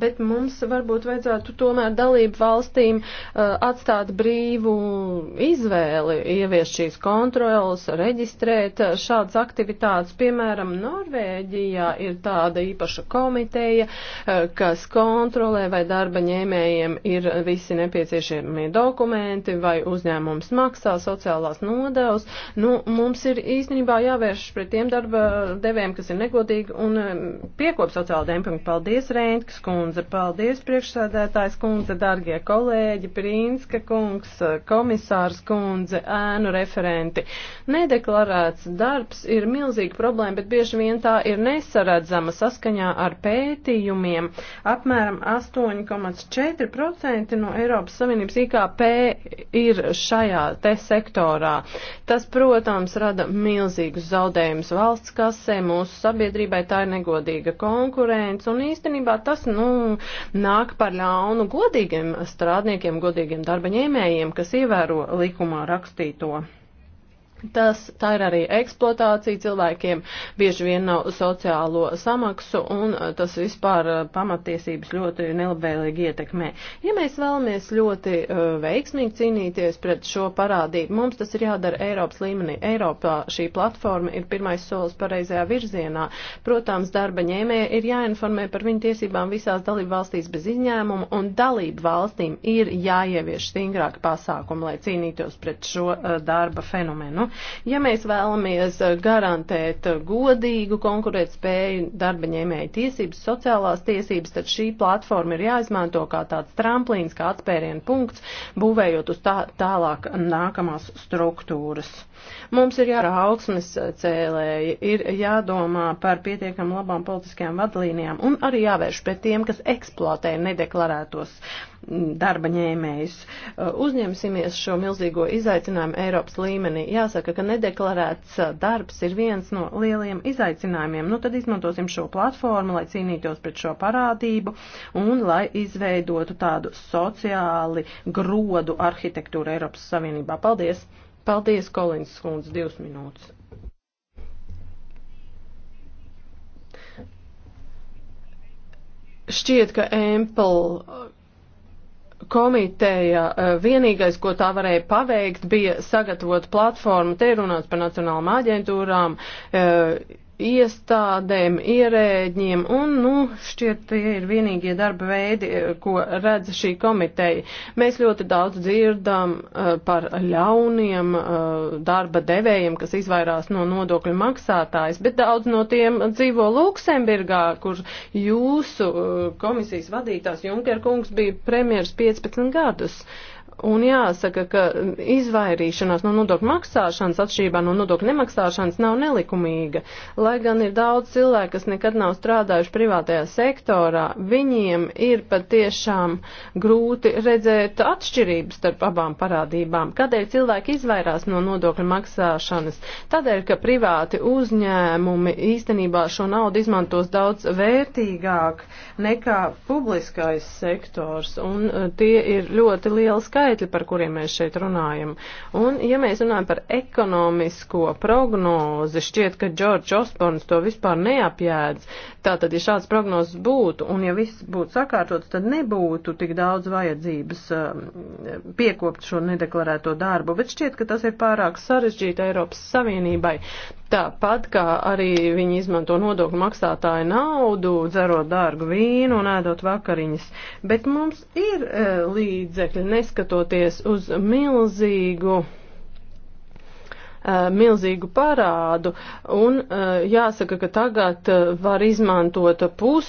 bet mums varbūt vajadzētu tomēr dalību valstīm uh, atstāt brīvu izvēli, ievies šīs kontrolas, reģistrēt uh, šādas aktivitātes. Piemēram, Norvēģijā ir tāda īpaša komiteja, uh, kas kontrolē, vai darba ņēmējiem ir visi nepieciešamie dokumenti, vai uzņēmums maksā sociālās nodevas. Nu, mums ir īstenībā jāvēršas pret tiem darba devējiem, kas ir negodīgi un um, piekop sociāla dempinga. Paldies, Rēntkas kundze! kundze, paldies priekšsēdētājs kundze, dargie kolēģi, Prīnska kungs, komisārs kundze, ēnu referenti. Nedeklarēts darbs ir milzīga problēma, bet bieži vien tā ir nesaredzama saskaņā ar pētījumiem. Apmēram 8,4% no Eiropas Savienības IKP ir šajā te sektorā. Tas, protams, rada milzīgus zaudējumus valsts kasē, mūsu sabiedrībai tā ir negodīga konkurence un īstenībā tas, nu, nāk par ļaunu godīgiem strādniekiem, godīgiem darba ņēmējiem, kas ievēro likumā rakstīto. Tas, tā ir arī eksploatācija cilvēkiem, bieži vien nav sociālo samaksu un uh, tas vispār uh, pamatiesības ļoti nelabvēlīgi ietekmē. Ja mēs vēlamies ļoti uh, veiksmīgi cīnīties pret šo parādību, mums tas ir jādara Eiropas līmenī. Eiropā šī platforma ir pirmais solis pareizajā virzienā. Protams, darba ņēmē ir jāinformē par viņu tiesībām visās dalību valstīs bez izņēmuma un dalību valstīm ir jāievieš stingrāki pasākumi, lai cīnītos pret šo uh, darba fenomenu. Nu, ja mēs vēlamies eh, garantēt eh, godīgu konkurētspēju darba ņēmēju tiesības, sociālās tiesības, tad šī platforma ir jāizmanto kā tāds tramplīns, kā atspērienu punkts, būvējot uz tā, tālāk nākamās struktūras. Mums ir jārā augsmes cēlēji, ir jādomā par pietiekam labām politiskajām vadlīnijām un arī jāvērš pret tiem, kas eksploatē nedeklarētos darba ņēmējus. Uh, uzņemsimies šo milzīgo izaicinājumu Eiropas līmenī. Jāsaka, ka nedeklarēts uh, darbs ir viens no lieliem izaicinājumiem. Nu, tad izmantosim šo platformu, lai cīnītos pret šo parādību un lai izveidotu tādu sociāli grodu arhitektūru Eiropas Savienībā. Paldies! Paldies, Kolins Skundze, divas minūtes. Šķiet, ka Ample komiteja eh, vienīgais, ko tā varēja paveikt, bija sagatavot platformu. Te ir runāts par nacionālām aģentūrām. Uh, iestādēm, ierēģiem, un, nu, šķiet, tie ir vienīgie darba veidi, eh, ko redz šī komiteja. Mēs ļoti daudz dzirdam uh, par ļauniem uh, darba devējiem, kas izvairās no nodokļu maksātājs, bet daudz no tiem dzīvo Luksemburgā, kur jūsu uh, komisijas vadītās Junker kungs bija premjeras 15 gadus. Uh, Un jāsaka, ka izvairīšanās no nodokļu maksāšanas atšķirībā no nodokļu nemaksāšanas nav nelikumīga. Lai gan ir daudz cilvēku, kas nekad nav strādājuši privātajā sektorā, viņiem ir patiešām grūti redzēt atšķirības starp abām parādībām. Kādēļ cilvēki izvairās no nodokļu maksāšanas? Tādēļ, ka privāti uzņēmumi īstenībā šo naudu izmantos daudz vērtīgāk nekā publiskais sektors. Un uh, tie ir ļoti liela skaita skaitļi, par kuriem mēs šeit runājam. Un, ja mēs runājam par ekonomisko prognozi, šķiet, ka Džordžs Osborns to vispār neapjēdz. Tātad, ja šāds prognozes būtu un ja viss būtu sakārtots, tad nebūtu tik daudz vajadzības um, piekopt šo nedeklarēto darbu, bet šķiet, ka tas ir pārāk sarežģīti Eiropas Savienībai. Tāpat kā arī viņi izmanto nodokļu maksātāju naudu, dzerot dārgu vīnu un ēdot vakariņas. Bet mums ir eh, līdzekļi neskatoties uz milzīgu milzīgu parādu, un jāsaka, ka tagad var izmantot pus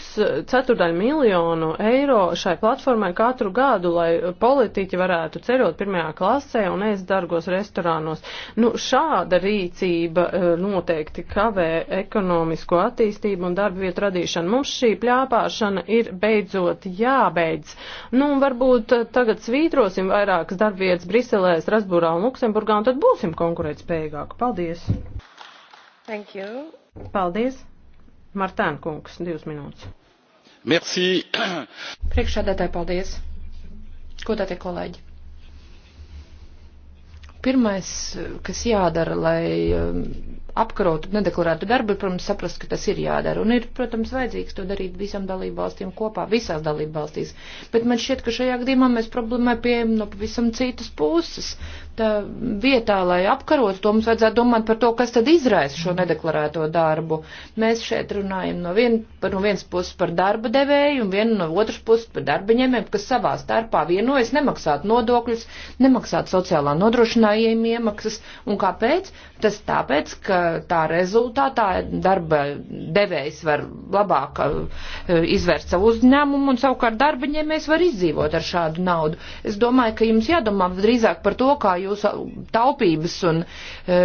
ceturdaļu miljonu eiro šai platformai katru gadu, lai politiķi varētu ceļot pirmajā klasē un ēst dargos restorānos. Nu, šāda rīcība noteikti kavē ekonomisko attīstību un darba vietu radīšanu. Mums šī pļāpāšana ir beidzot jābeidz. Nu, varbūt tagad svītrosim vairākas darbvietas Briselē, Strasbūrā un Luksemburgā, un tad būsim konkurētspējīgi vispārīgāku. Paldies! Thank you. Paldies! Martēna kungs, divas minūtes. Merci! Priekšsēdētāji, paldies! Ko tā tie kolēģi? Pirmais, kas jādara, lai um, apkarotu nedeklarētu darbu, ir, protams, saprast, ka tas ir jādara. Un ir, protams, vajadzīgs to darīt visam dalību valstīm kopā, visās dalību valstīs. Bet man šķiet, ka šajā gadījumā mēs problēmai pieejam no pavisam citas puses. Tā vietā, lai apkarotu to, mums vajadzētu domāt par to, kas tad izraisa šo nedeklarēto darbu. Mēs šeit runājam no, vien, par, no vienas puses par darba devēju un vienu no otras puses par darba ņēmēm, kas savā starpā vienojas nemaksāt nodokļus, nemaksāt sociālā nodrošinājuma iemaksas. Un kāpēc? Tas tāpēc, ka tā rezultātā darba devējs var labāk e, izvērst savu uzņēmumu un savukārt darba ņēmējs var izdzīvot ar šādu naudu. Es domāju, ka jums jādomā drīzāk par to, kā jūsu taupības un e,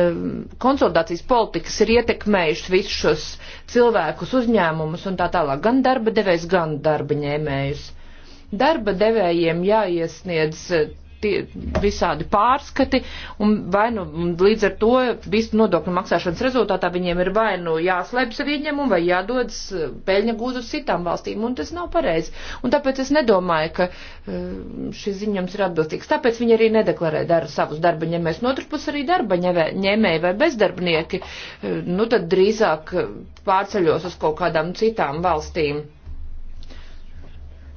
konsolidācijas politikas ir ietekmējušas visus šos cilvēkus, uzņēmumus un tā tālāk, gan darba devējs, gan darba ņēmējus darba devējiem jāiesniedz tie, visādi pārskati, un vai nu līdz ar to visu nodokļu maksāšanas rezultātā viņiem ir vai nu jāslēpjas ar ieņemumu, vai jādodas eh, peļņa gūz uz citām valstīm, un tas nav pareizi. Un tāpēc es nedomāju, ka eh, šis ziņojums ir atbilstīgs. Tāpēc viņi arī nedeklarē dar, savus darba ņēmējus. No otras puses arī darba ņēmēji vai bezdarbnieki, eh, nu tad drīzāk pārceļos uz kaut kādām citām valstīm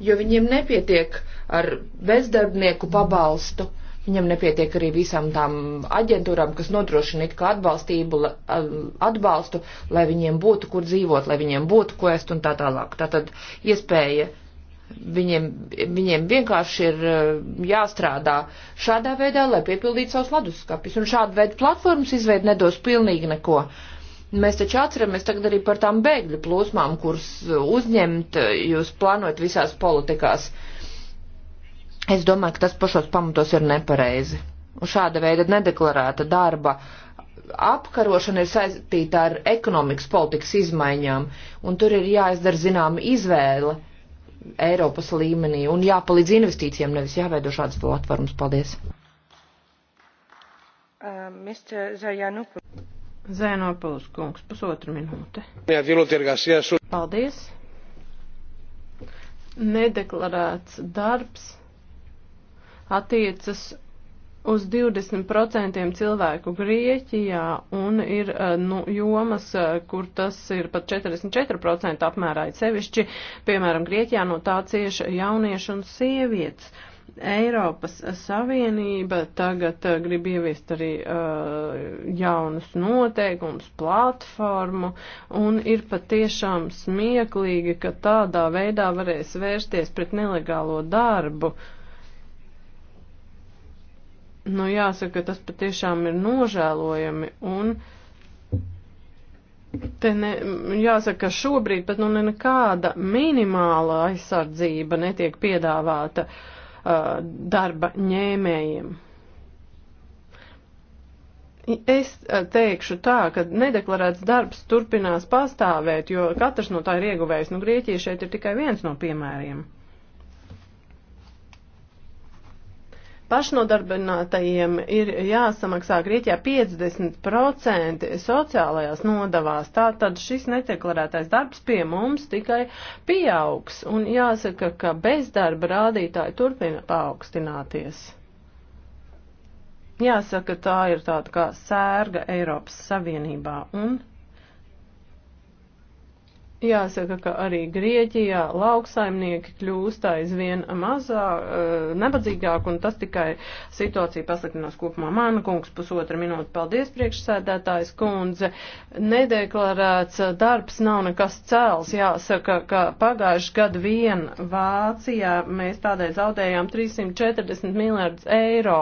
jo viņiem nepietiek ar bezdarbnieku pabalstu. Viņam nepietiek arī visām tām aģentūrām, kas nodrošina it kā atbalstību, atbalstu, lai viņiem būtu kur dzīvot, lai viņiem būtu ko ēst un tā tālāk. Tātad iespēja viņiem, viņiem vienkārši ir eh, jāstrādā šādā veidā, lai piepildītu savus leduskapis. Un šāda veida platformas izveid nedos pilnīgi neko. Uh, Mēs taču atceramies tagad arī par tām bēgļu plūsmām, kuras eh, uzņemt eh, jūs plānojat visās politikās. Es domāju, ka tas pašos pamatos ir nepareizi. Un šāda veida nedeklarēta darba apkarošana ir saistīta ar ekonomikas politikas izmaiņām, un tur ir jāizdara zināma izvēle Eiropas līmenī un jāpalīdz investīcijiem, nevis jāveido šādas platformas. Paldies! Uh, Zēnopulis kungs, pusotra minūte. Paldies. Nedeklarēts darbs attiecas uz 20% cilvēku Grieķijā un ir eh, nu, jomas, eh, kur tas ir pat 44% apmērā, sevišķi, piemēram, Grieķijā no tā cieši jaunieši un sievietes. Eiropas Savienība tagad uh, grib ieviest arī uh, jaunus noteikumus, platformu, un ir patiešām smieklīgi, ka tādā veidā varēs vērsties pret nelegālo darbu. Nu, jāsaka, tas patiešām ir nožēlojami, un te ne, jāsaka, ka šobrīd pat nu nekāda minimāla aizsardzība netiek piedāvāta. Uh, Uh, darba ņēmējiem. Es uh, teikšu tā, ka nedeklarēts darbs turpinās pastāvēt, jo katrs no tā ir ieguvējis. Nu, Grieķija šeit ir tikai viens no piemēriem. pašnodarbinātajiem ir jāsamaksā Grieķijā 50% sociālajās nodavās. Tātad šis nedeklarētais darbs pie mums tikai pieaugs, un jāsaka, ka bezdarba rādītāji turpina paaugstināties. Jāsaka, tā ir tāda kā sērga Eiropas Savienībā, un Jāsaka, ka arī Grieķijā lauksaimnieki kļūst aizvien mazā, eh, nebadzīgāk, un tas tikai situācija pasliktinās kopumā. Mana kungs pusotra minūte, paldies priekšsēdētājs kundze. Nedeklarēts darbs nav nekas cēls. Jāsaka, ka pagājuši gadu vien Vācijā mēs tādēļ zaudējām 340 miljardus eiro.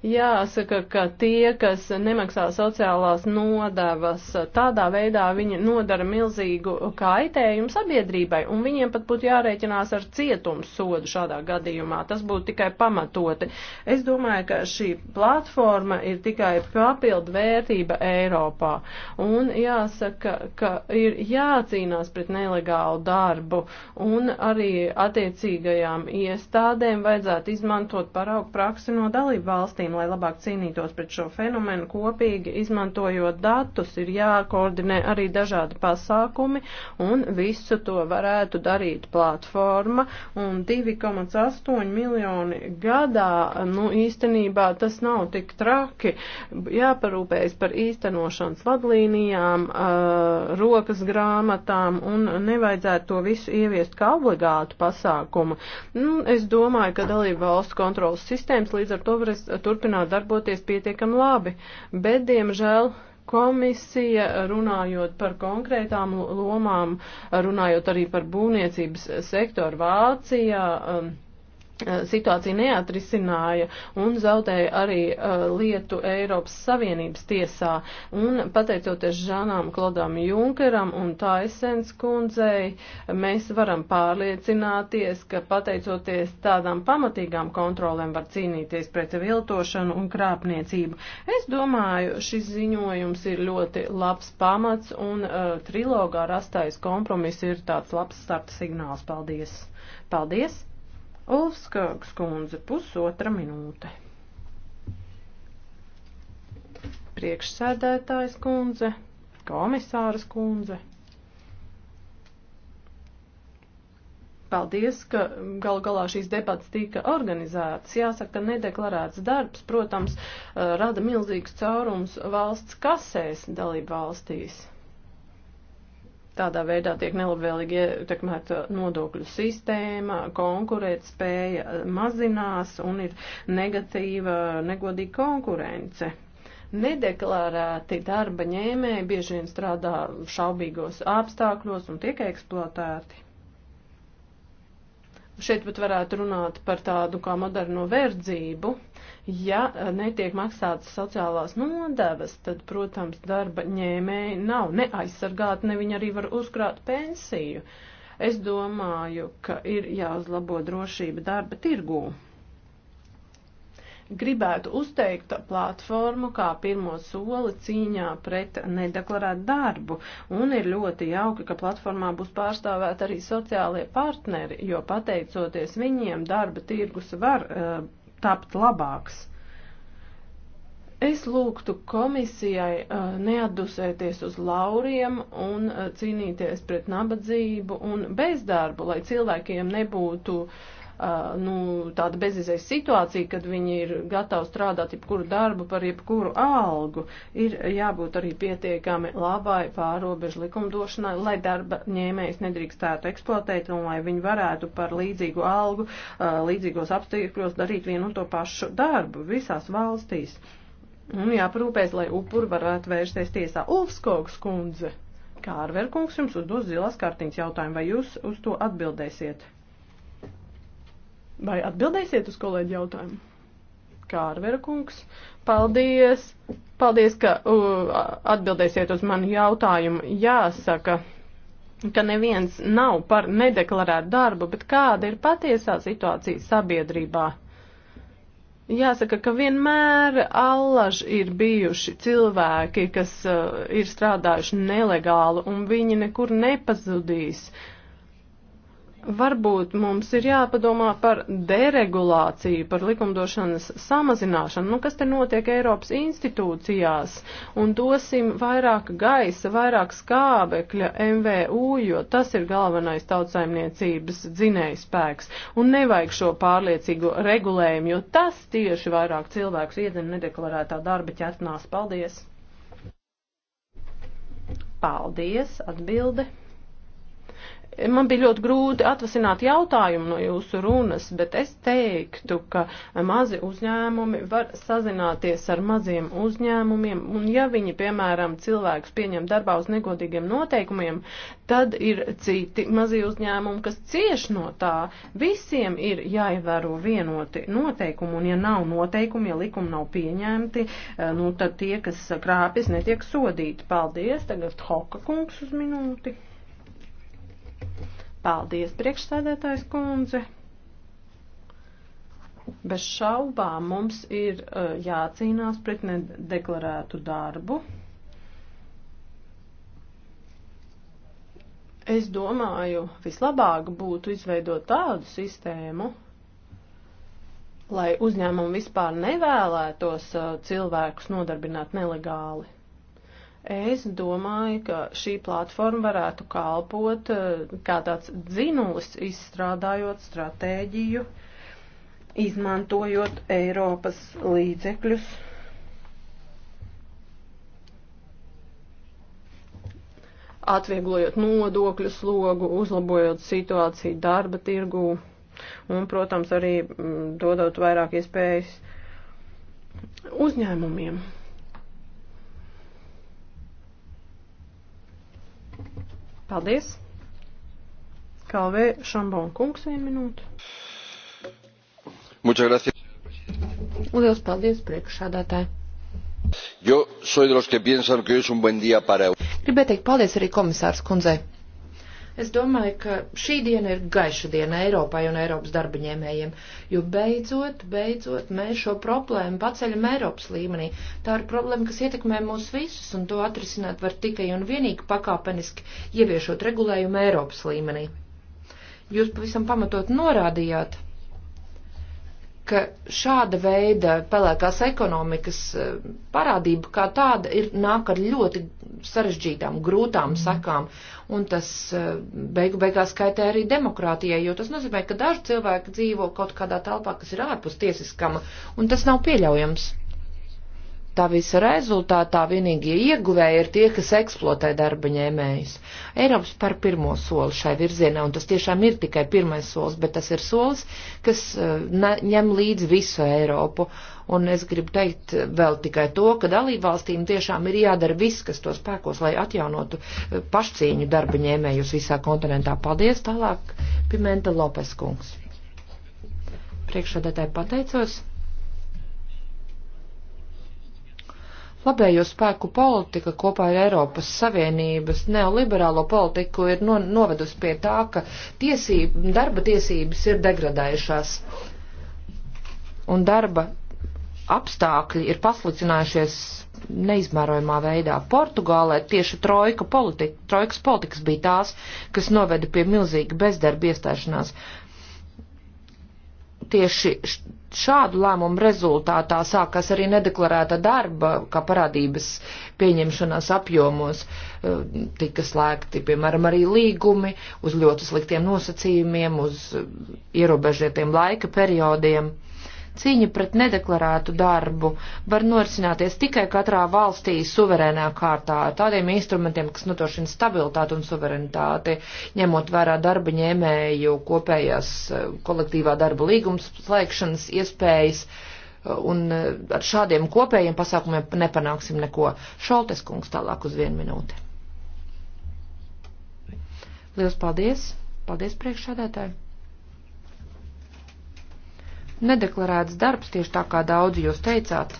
Jāsaka, ka tie, kas nemaksā sociālās nodevas, tādā veidā viņi nodara milzīgu kaitējumu sabiedrībai, un viņiem pat būtu jārēķinās ar cietumsodu šādā gadījumā. Tas būtu tikai pamatoti. Es domāju, ka šī platforma ir tikai papildu vērtība Eiropā, un jāsaka, ka ir jācīnās pret nelegālu darbu, un arī attiecīgajām iestādēm vajadzētu izmantot paraugu praksi no dalību valstīm valstīm, lai labāk cīnītos pret šo fenomenu, kopīgi izmantojot datus, ir jākoordinē arī dažādi pasākumi, un visu to varētu darīt platforma, un 2,8 miljoni gadā, nu, īstenībā tas nav tik traki, jāparūpējas par īstenošanas vadlīnijām, rokas grāmatām, un nevajadzētu to visu ieviest kā obligātu pasākumu. Nu, es domāju, ka dalība valsts kontrolas sistēmas līdz ar to varēs turpināt turpināt darboties pietiekam labi, bet, diemžēl, komisija, runājot par konkrētām lomām, runājot arī par būvniecības sektoru Vācijā, um, Eh, situācija neatrisināja un zaudēja arī uh, lietu Eiropas Savienības tiesā. Un pateicoties Žanām Klodām Junkeram un Taisens kundzei, mēs varam pārliecināties, ka pateicoties tādām pamatīgām kontrolēm var cīnīties pret viltošanu un krāpniecību. Es domāju, šis ziņojums ir ļoti labs pamats un uh, trilogā rastais kompromiss ir tāds labs starta signāls. Paldies! Paldies! Ulfskāks kundze, pusotra minūte. Priekšsēdētājs kundze, komisāras kundze. Paldies, ka galu galā šīs debats tika organizētas. Jāsaka, ka nedeklarēts darbs, protams, rada milzīgs caurums valsts kasēs dalību valstīs. Tādā veidā tiek nelabvēlīgi ietekmēta nodokļu sistēma, konkurēt spēja mazinās un ir negatīva, negodīga konkurence. Nedeklarēti darba ņēmēji bieži vien strādā šaubīgos apstākļos un tiek eksploatēti. Šeit pat varētu runāt par tādu kā moderno verdzību. Ja eh, netiek maksātas sociālās nodevas, tad, protams, darba ņēmēji nav neaizsargāti, ne viņi arī var uzkrāt pensiju. Es domāju, ka ir jāuzlabo drošība darba tirgū gribētu uzteikt platformu kā pirmo soli cīņā pret nedeklarētu darbu. Un ir ļoti jauki, ka platformā būs pārstāvēt arī sociālie partneri, jo pateicoties viņiem darba tirgus var uh, tapt labāks. Es lūgtu komisijai uh, neatdusēties uz lauriem un uh, cīnīties pret nabadzību un bezdarbu, lai cilvēkiem nebūtu uh, nu, tāda bezizējas situācija, kad viņi ir gatavi strādāt jebkuru darbu par jebkuru algu, ir jābūt arī pietiekami labai pārobežu likumdošanai, lai darba ņēmējs nedrīkstētu eksploatēt un lai viņi varētu par līdzīgu algu, līdzīgos apstākļos darīt vienu un to pašu darbu visās valstīs. Un jāparūpēs, lai upuri varētu vērsties tiesā. Ulfskogs kundze, Kārverkungs jums uzdos zilās kartiņas jautājumu, vai jūs uz to atbildēsiet? Vai atbildēsiet uz kolēģi jautājumu? Kārvera kungs. Paldies! Paldies, ka uh, atbildēsiet uz manu jautājumu. Jāsaka, ka neviens nav par nedeklarētu darbu, bet kāda ir patiesā situācija sabiedrībā? Jāsaka, ka vienmēr allaž ir bijuši cilvēki, kas uh, ir strādājuši nelegāli, un viņi nekur nepazudīs. Uh, Varbūt mums ir jāpadomā par deregulāciju, par likumdošanas samazināšanu, nu, kas te notiek Eiropas institūcijās, un dosim vairāk gaisa, vairāk skābekļa MVU, jo tas ir galvenais tautsaimniecības dzinējspēks, un nevajag šo pārliecīgo regulējumu, jo tas tieši vairāk cilvēkus iedzen nedeklarētā darba ķertnās. Paldies! Paldies! Atbilde! Man bija ļoti grūti atvasināt jautājumu no jūsu runas, bet es teiktu, ka mazi uzņēmumi var sazināties ar maziem uzņēmumiem, un ja viņi, piemēram, cilvēkus pieņem darbā uz negodīgiem noteikumiem, tad ir citi mazi uzņēmumi, kas cieš no tā. Visiem ir jāievēro vienoti noteikumi, un ja nav noteikumi, ja likumi nav pieņemti, eh, nu tad tie, kas krāpjas, netiek sodīti. Paldies, tagad Hoka kungs uz minūti. Paldies, priekšsēdētājs kundze. Bez šaubām mums ir uh, jācīnās pret nedeklarētu darbu. Es domāju, vislabāk būtu izveidot tādu sistēmu, lai uzņēmumi vispār nevēlētos uh, cilvēkus nodarbināt nelegāli. Es domāju, ka šī platforma varētu kalpot eh, kā tāds dzinulis, izstrādājot stratēģiju, izmantojot Eiropas līdzekļus. Atvieglojot nodokļu slogu, uzlabojot situāciju darba tirgū un, protams, arī mm, dodot vairāk iespējas uzņēmumiem. Paldies. Kalvē Šambon kungs vienu minūtu. Muchas gracias. Liels paldies priekšādātāji. Yo soy de los que piensan que hoy es un buen día para. Gribēju teikt paldies arī komisārs kundzei. Es domāju, ka šī diena ir gaiša diena Eiropai un Eiropas darba ņēmējiem, jo beidzot, beidzot mēs šo problēmu paceļam Eiropas līmenī. Tā ir problēma, kas ietekmē mūs visus, un to atrisināt var tikai un vienīgi pakāpeniski ieviešot regulējumu Eiropas līmenī. Jūs pavisam pamatot norādījāt ka šāda veida pelēkās ekonomikas e, parādība kā tāda ir nāk ar ļoti sarežģītām, grūtām sakām, un tas e, beigu beigās kaitē arī demokrātijai, jo tas nozīmē, ka daži cilvēki dzīvo kaut kādā telpā, kas ir ārpus tiesiskama, un tas nav pieļaujams tā visa rezultātā vienīgie ieguvēji ir tie, kas eksploatē darba ņēmējus. Eiropas par pirmo soli šai virzienā, un tas tiešām ir tikai pirmais solis, bet tas ir solis, kas eh, ne, ņem līdzi visu Eiropu. Un es gribu teikt eh, vēl tikai to, ka dalībvalstīm tiešām ir jādara viss, kas to spēkos, lai atjaunotu eh, pašcieņu darba ņēmējus visā kontinentā. Paldies, tālāk Pimenta Lopes kungs. Priekšādātāji pateicos. Labējo spēku politika kopā ar Eiropas Savienības neoliberālo politiku ir no, novedusi pie tā, ka tiesība, darba tiesības ir degradējušās un darba apstākļi ir paslicinājušies neizmērojumā veidā. Portugālē tieši trojka politika, trojkas politikas bija tās, kas noveda pie milzīga bezdarba iestāšanās tieši šādu lēmumu rezultātā sākas arī nedeklarēta darba, kā parādības pieņemšanās apjomos e, tika slēgti, piemēram, arī līgumi uz ļoti sliktiem nosacījumiem, uz ierobežotiem laika periodiem. Cīņa pret nedeklarētu darbu var norisināties tikai katrā valstī suverēnā kārtā, tādiem instrumentiem, kas notošina stabilitāti un suverenitāti, ņemot vērā darba ņēmēju kopējās eh, kolektīvā darba līgums slēgšanas iespējas. Eh, un eh, ar šādiem kopējiem pasākumiem nepanāksim neko. Šoltes kungs tālāk uz vienu minūti. Lielas paldies! Paldies priekšsādātāji! Nedeklarēts darbs, tieši tā kā daudzi jūs teicāt,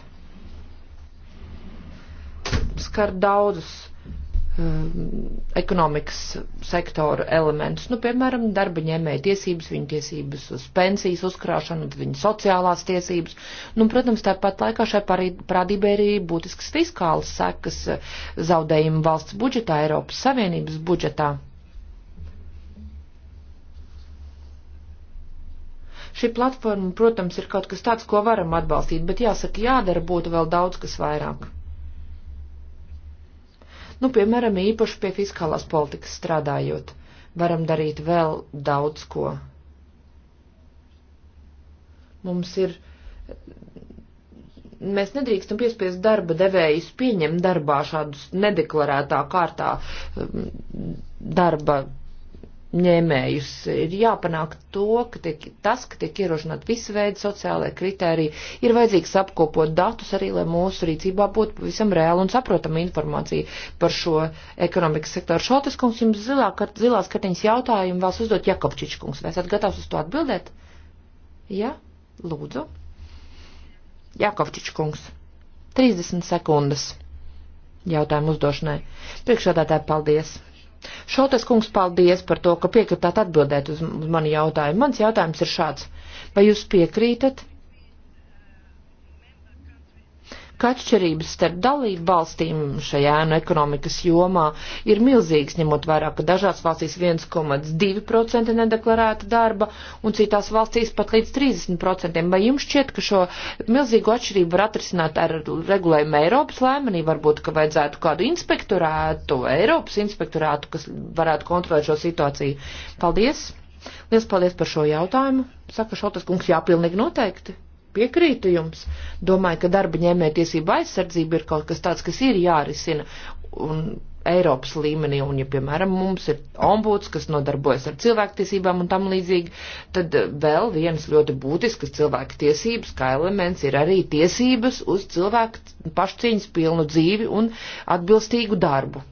skar daudzus eh, ekonomikas sektora elementus, nu, piemēram, darba ņēmēja tiesības, viņa tiesības uz pensijas uzkrāšanu, viņa sociālās tiesības. Nu, protams, tāpat laikā šai parādībai arī būtiskas fiskālas sekas eh, zaudējumu valsts budžetā, Eiropas Savienības budžetā. Šī platforma, protams, ir kaut kas tāds, ko varam atbalstīt, bet jāsaka, jādara būtu vēl daudz kas vairāk. Nu, piemēram, īpaši pie fiskālās politikas strādājot, varam darīt vēl daudz ko. Mums ir mēs nedrīkstam piespiest darba devējus pieņemt darbā šādus nedeklarētā kārtā um, darba ņēmējus. Ir jāpanāk to, ka tiek, tas, ka tiek ierožināt visu veidu sociālajie kriteriji, ir vajadzīgs apkopot datus arī, lai mūsu rīcībā būtu pavisam reāla un saprotama informācija par šo ekonomikas sektoru. Šotas kungs jums zilā, kart, zilās kartiņas jautājumu vēl uzdot Jakobčič kungs. Vai esat gatavs uz to atbildēt? Jā, ja? lūdzu. Jakovčič kungs. 30 sekundes jautājumu uzdošanai. Priekšādātāji, paldies! Šotas kungs, paldies par to, ka piekritāt atbildēt uz manu jautājumu. Mans jautājums ir šāds. Vai jūs piekrītat, ka atšķirības starp dalību valstīm šajā ēnu ekonomikas jomā ir milzīgas, ņemot vairāk, ka dažās valstīs 1,2% nedeklarēta darba un citās valstīs pat līdz 30%. Vai jums šķiet, ka šo milzīgo atšķirību var atrisināt ar regulējumu Eiropas līmenī? Varbūt, ka vajadzētu kādu inspektorātu, Eiropas inspektorātu, kas varētu kontrolēt šo situāciju. Paldies! Liels paldies par šo jautājumu. Saka Šotas kungs, jā, pilnīgi noteikti. Piekrītu jums. Domāju, ka darba ņēmētiesība aizsardzība ir kaut kas tāds, kas ir jārisina. Un Eiropas līmenī, un ja, piemēram, mums ir ombuds, kas nodarbojas ar cilvēktiesībām un tam līdzīgi, tad eh, vēl viens ļoti būtisks cilvēka tiesības, kā elements, ir arī tiesības uz cilvēku pašcieņas pilnu dzīvi un atbilstīgu darbu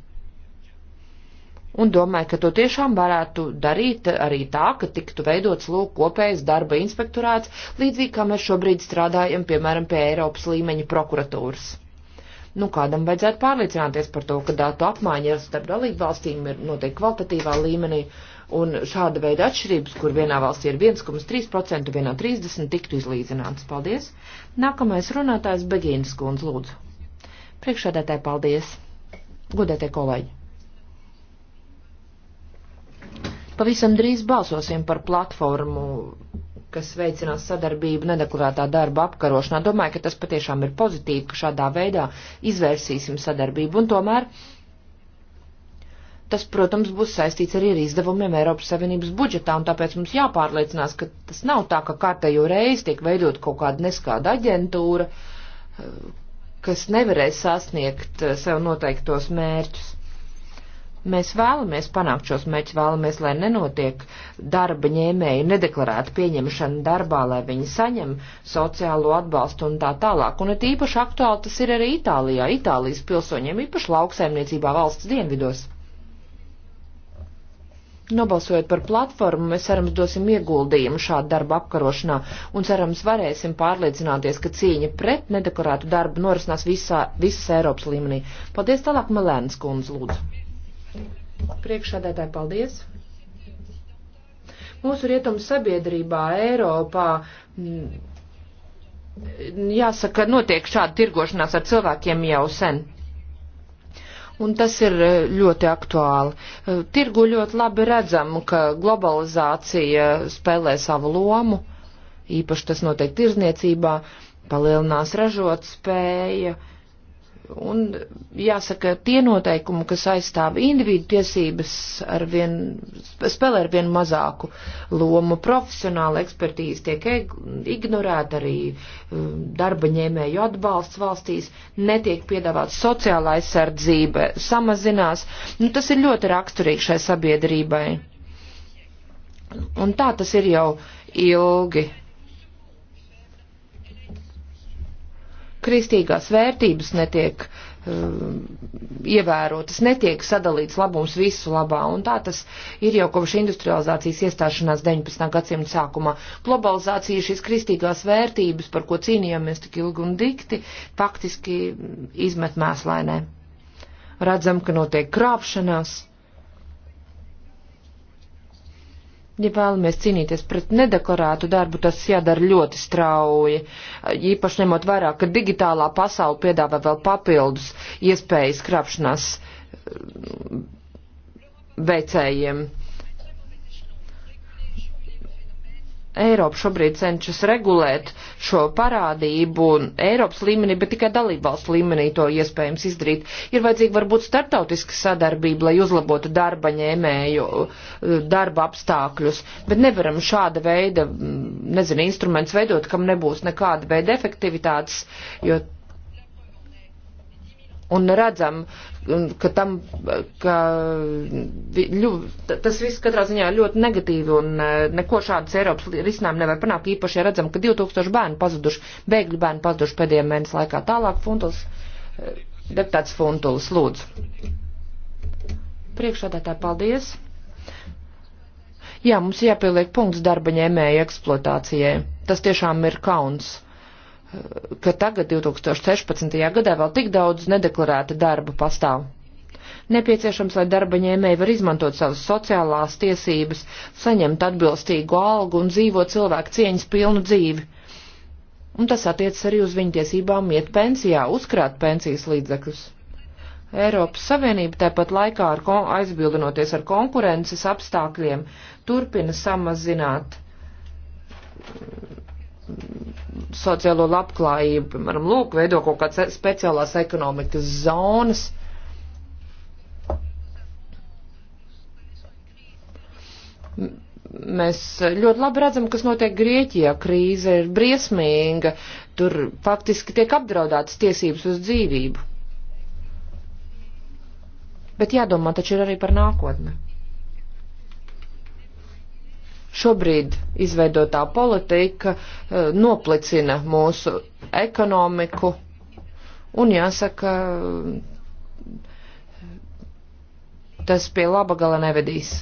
un domāju, ka to tiešām varētu darīt arī tā, ka tiktu veidots lūk kopējs darba inspektorāts, līdzīgi kā mēs šobrīd strādājam, piemēram, pie Eiropas līmeņa prokuratūras. Nu, kādam vajadzētu pārliecināties par to, ka datu apmaiņa starp dalību valstīm ir noteikti kvalitatīvā līmenī, un šāda veida atšķirības, kur vienā valstī ir 1,3%, vienā 30% tiktu izlīdzināts. Paldies! Nākamais runātājs Begīnas kundze lūdzu. Priekšādētāji, paldies! Godētie kolēģi! Pavisam drīz balsosim par platformu, kas veicinās sadarbību nedeklarētā darba apkarošanā. Domāju, ka tas patiešām ir pozitīvi, ka šādā veidā izvērsīsim sadarbību. Un tomēr tas, protams, būs saistīts arī ar izdevumiem Eiropas Savienības budžetā, un tāpēc mums jāpārliecinās, ka tas nav tā, ka kārtējo reizi tiek veidot kaut kāda neskāda aģentūra, eh, kas nevarēs sasniegt eh, sev noteiktos mērķus. Mēs vēlamies panākt šos mērķus, vēlamies, lai nenotiek darba ņēmēju nedeklarēta pieņemšana darbā, lai viņi saņem sociālo atbalstu un tā tālāk. Un it īpaši aktuāli tas ir arī Itālijā, Itālijas pilsoņiem, īpaši lauksaimniecībā valsts dienvidos. Nobalsojot par platformu, mēs cerams dosim ieguldījumu šādu darbu apkarošanā un cerams varēsim pārliecināties, ka cīņa pret nedekorētu darbu norisinās visā, visas Eiropas līmenī. Paldies tālāk, Melēnas kundze, lūdzu. Priekšādētāji, paldies! Mūsu rietums sabiedrībā, Eiropā, mm, jāsaka, notiek šāda tirgošanās ar cilvēkiem jau sen. Un tas ir e, ļoti aktuāli. E, tirgu ļoti labi redzam, ka globalizācija spēlē savu lomu, īpaši tas notiek tirzniecībā, palielinās ražot spēja, uh, Un jāsaka, tie noteikumi, kas aizstāv individu tiesības, ar vien, spēlē ar vien mazāku lomu. Profesionāla ekspertīze tiek ignorēta, arī um, darba ņēmēju atbalsts valstīs netiek piedāvāts, sociālā aizsardzība samazinās. Nu, tas ir ļoti raksturīgi šai sabiedrībai. Un tā tas ir jau ilgi. kristīgās vērtības netiek um, ievērotas, netiek sadalīts labums visu labā, un tā tas ir jau kopš industrializācijas iestāšanās 19. gadsimta sākumā. Globalizācija šīs kristīgās vērtības, par ko cīnījāmies tik ilgi un dikti, faktiski izmet mēslainē. Redzam, ka notiek krāpšanās Ja vēlamies cīnīties pret nedeklarētu darbu, tas jādara ļoti strauji. Īpaši ņemot vērā, ka digitālā pasaule piedāvā vēl papildus iespējas krāpšanās mm, veicējiem. Eiropa šobrīd cenšas regulēt šo parādību Eiropas līmenī, bet tikai dalībvalsts līmenī to iespējams izdarīt. Ir vajadzīga varbūt startautiska sadarbība, lai uzlabotu darba ņēmēju eh, darba apstākļus, bet nevaram šāda veida, mm, nezinu, instruments veidot, kam nebūs nekāda veida efektivitātes, jo un redzam, ka, tam, ka ļu, tas viss katrā ziņā ir ļoti negatīvi un e, neko šādas Eiropas risinājumu nevar panākt. Īpaši, ja redzam, ka 2000 bērnu pazuduši, bēgļu bērnu pazuduši pēdējā mēnesa laikā. Tālāk Funtuls, e, deputāts Funtuls, lūdzu. Priekšādātāji, paldies. Jā, mums jāpieliek punkts darba ņēmēja eksploatācijai. Tas tiešām ir kauns ka tagad, 2016. gadā, vēl tik daudz nedeklarēta darba pastāv. Nepieciešams, lai darba ņēmēji var izmantot savas sociālās tiesības, saņemt atbilstīgu algu un dzīvot cilvēku cieņas pilnu dzīvi. Un tas attiecas arī uz viņu tiesībām iet pensijā, uzkrāt pensijas līdzekļus. Eiropas Savienība tāpat laikā ar aizbildinoties ar konkurences apstākļiem turpina samazināt sociālo labklājību, piemēram, lūk, veido kaut kādas speciālās ekonomikas zonas. Mēs ļoti labi redzam, kas notiek Grieķijā. Krīze ir briesmīga, tur faktiski tiek apdraudētas tiesības uz dzīvību. Bet jādomā taču ir arī par nākotni. Šobrīd izveidotā politika eh, noplicina mūsu ekonomiku un jāsaka, tas pie laba gala nevedīs.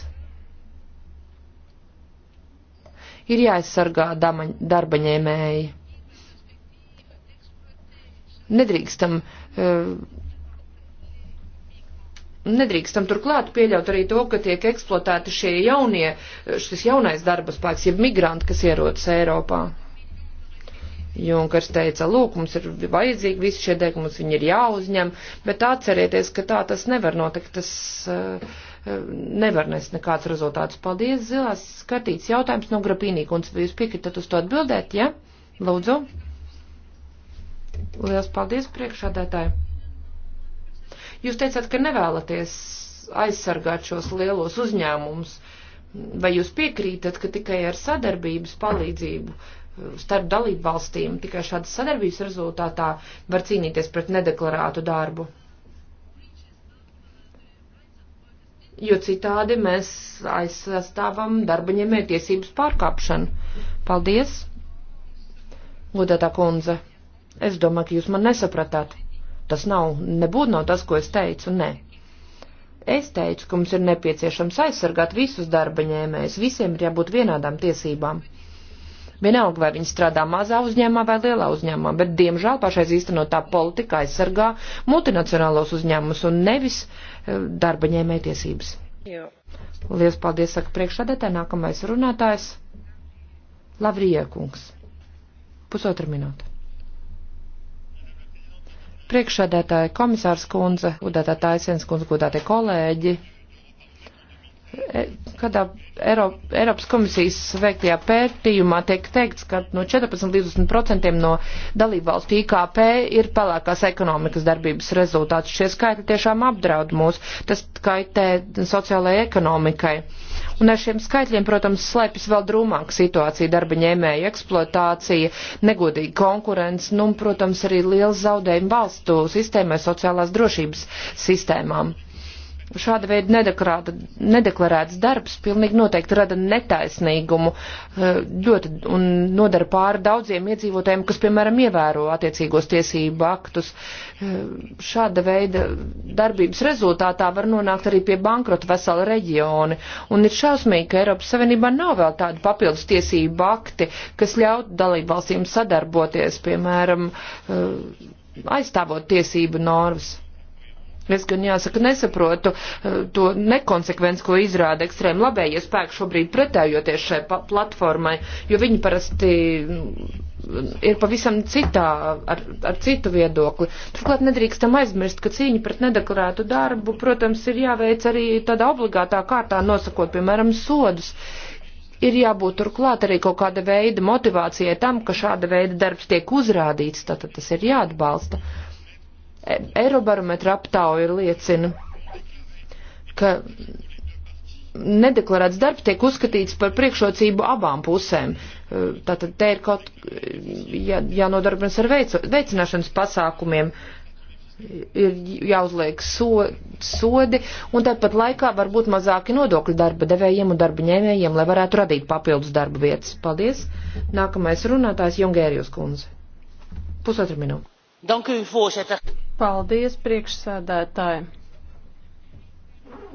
Ir jāaizsargā darba ņēmēji. Nedrīkstam uh, Nedrīkstam turklāt pieļaut arī to, ka tiek eksploatēti šie jaunie, šis jaunais darba spēks, jeb migranti, kas ierodas Eiropā. Junkars teica, lūk, mums ir vajadzīgi visi šie dēļ, mums viņi ir jāuzņem, bet atcerieties, ka tā tas nevar notikt, tas uh, nevar nes nekāds rezultāts. Paldies, zilās skatīts jautājums no Grapīnī, un jūs piekritat uz to atbildēt, ja? Lūdzu. Lielas paldies priekšādētāji. Jūs teicāt, ka nevēlaties aizsargāt šos lielos uzņēmumus. Vai jūs piekrītat, ka tikai ar sadarbības palīdzību uh, starp dalību valstīm, tikai šādas sadarbības rezultātā var cīnīties pret nedeklarētu darbu? Jo citādi mēs aizstāvam darbaņēmē tiesības pārkāpšanu. Paldies, godētā kundze. Es domāju, ka jūs man nesapratāt. Tas nav, nebūtu nav tas, ko es teicu, nē. Es teicu, ka mums ir nepieciešams aizsargāt visus darba ņēmējus, visiem ir jābūt vienādām tiesībām. Vienalga, vai viņi strādā mazā uzņēmumā vai lielā uzņēmumā, bet, diemžēl, pašais īstenotā politika aizsargā multinacionālos uzņēmumus un nevis eh, darba ņēmēja tiesības. Jā. Lielas paldies, saka priekšsādētē, nākamais runātājs Lavrie kungs. Pusotra minūte. Priekšsēdētāji komisārs kundze, gudētā taisienas kundze, gudētie kolēģi. E, kādā Eiropas komisijas veiktajā pētījumā tiek teikts, ka no 14 līdz 20 procentiem no dalībvalstu IKP ir pelēkās ekonomikas darbības rezultāts. Šie skaitļi tiešām apdraud mūs, tas kaitē sociālajai ekonomikai. Un ar šiem skaitļiem, protams, slēpjas vēl drūmāka situācija darba ņēmēja eksploatācija, negodīga konkurence, nu, un, protams, arī liels zaudējumi valstu sistēmai, sociālās drošības sistēmām šāda veida nedeklarēts darbs pilnīgi noteikti rada netaisnīgumu eh, ļoti un nodara pāri daudziem iedzīvotājiem, kas, piemēram, ievēro attiecīgos tiesību aktus. Eh, šāda veida darbības rezultātā var nonākt arī pie bankrota vesela reģioni. Un ir šausmīgi, ka Eiropas Savienībā nav vēl tādu papildus tiesību akti, kas ļautu dalību valstīm sadarboties, piemēram, eh, aizstāvot tiesību normas. Es gan jāsaka, nesaprotu eh, to nekonsekvenci, ko izrāda ekstrēma labējie spēki šobrīd pretējoties šai platformai, jo viņi parasti mm, ir pavisam citā, ar, ar citu viedokli. Turklāt nedrīkstam aizmirst, ka cīņa pret nedeklarētu darbu, protams, ir jāveic arī tādā obligātā kārtā nosakot, piemēram, sodus ir jābūt turklāt arī kaut kāda veida motivācijai tam, ka šāda veida darbs tiek uzrādīts, tātad tas ir jāatbalsta. Eirobarometra aptauja liecina, ka nedeklarēts darbs tiek uzskatīts par priekšrocību abām pusēm. Tātad te ir kaut jā, jānodarbinas ar veico, veicināšanas pasākumiem, ir jāuzliek so, sodi, un tāpat laikā var būt mazāki nodokļi darba devējiem un darba ņēmējiem, lai varētu radīt papildus darba vietas. Paldies! Nākamais runātājs Jungērijus kundze. Pusotra minūte. Dank u, voorzitter. Paldies, priekšsēdētāji.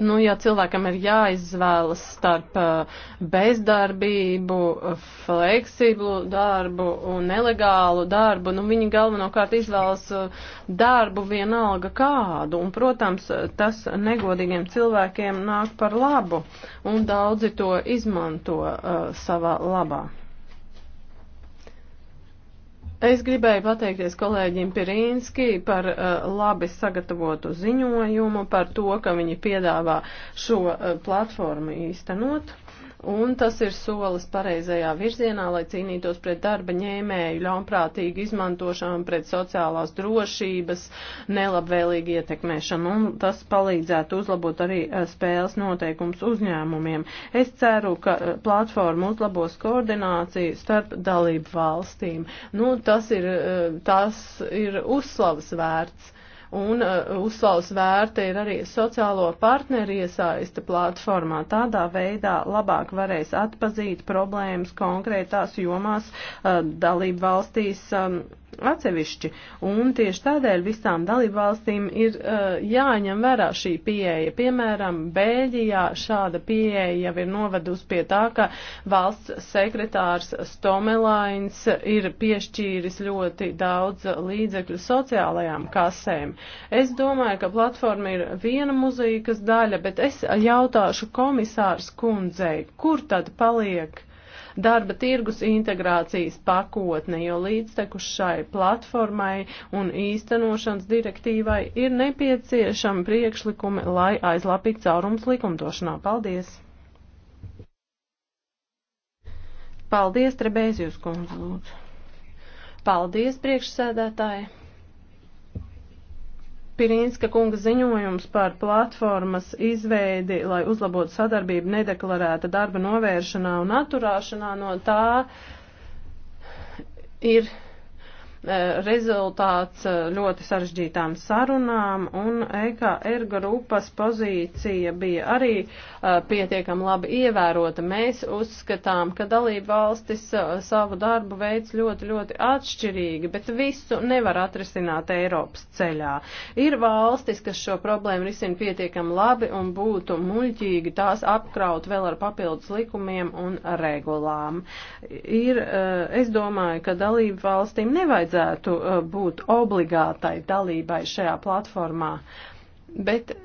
Nu, ja cilvēkam ir jāizvēlas starp uh, bezdarbību, fleksiblu darbu un nelegālu darbu, nu, viņi galvenokārt izvēlas uh, darbu vienalga kādu. Un, protams, tas negodīgiem cilvēkiem nāk par labu, un daudzi to izmanto uh, savā labā. Es gribēju pateikties kolēģim Pirīnski par uh, labi sagatavotu ziņojumu, par to, ka viņi piedāvā šo uh, platformu īstenot un tas ir solis pareizajā virzienā, lai cīnītos pret darba ņēmēju ļaunprātīgu izmantošanu, pret sociālās drošības, nelabvēlīgu ietekmēšanu, un tas palīdzētu uzlabot arī eh, spēles noteikums uzņēmumiem. Es ceru, ka eh, platforma uzlabos koordināciju starp dalību valstīm. Nu, tas ir, eh, tas ir uzslavas vērts un uh, uzslavas vērta ir arī sociālo partneru iesaista platformā. Tādā veidā labāk varēs atpazīt problēmas konkrētās jomās uh, dalību valstīs. Um, atsevišķi, un tieši tādēļ visām dalībvalstīm ir uh, jāņem vērā šī pieeja. Piemēram, Bēļģijā šāda pieeja jau ir novedusi pie tā, ka valsts sekretārs Stomelains ir piešķīris ļoti daudz līdzekļu sociālajām kasēm. Es domāju, ka platforma ir viena muzīkas daļa, bet es jautāšu komisārs kundzei, kur tad paliek? darba tirgus integrācijas pakotne, jo līdztekus šai platformai un īstenošanas direktīvai ir nepieciešami priekšlikumi, lai aizlapītu caurums likumdošanā. Paldies! Paldies, Trebēzijus kundze, lūdzu. Paldies, priekšsēdētāji. Pirinska kunga ziņojums par platformas izveidi, lai uzlabotu sadarbību nedeklarēta darba novēršanā un atturāšanā no tā ir Eh, rezultāts eh, ļoti sarežģītām sarunām, un EKR grupas pozīcija bija arī eh, pietiekam labi ievērota. Mēs uzskatām, ka dalība valstis savu darbu veids ļoti, ļoti atšķirīgi, bet visu nevar atrisināt Eiropas ceļā. Ir valstis, kas šo problēmu risina pietiekam labi un būtu muļķīgi tās apkraut vēl ar papildus likumiem un regulām. Ir, es domāju, ka dalību valstīm nevajadzētu nevajadzētu uh, būt obligātai dalībai šajā platformā, bet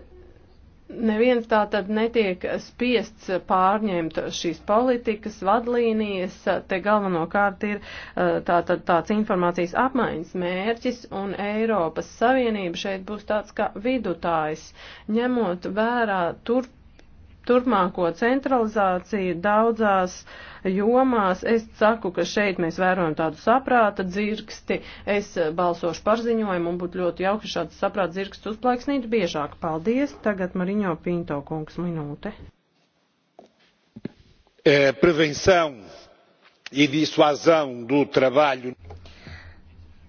Neviens tā tad netiek spiests pārņemt šīs politikas, vadlīnijas, te galvenokārt ir uh, tā tad tāds informācijas apmaiņas mērķis, un Eiropas Savienība šeit būs tāds kā vidutājs, ņemot vērā tur turpmāko centralizāciju daudzās jomās. Es saku, ka šeit mēs vērojam tādu saprāta dzirksti. Es balsošu par ziņojumu un būtu ļoti jauki šāds saprāta dzirksts uzplaiksnīt biežāk. Paldies. Tagad Mariņo Pinto kungs minūte. E, prevenção e dissuasão do trabalho.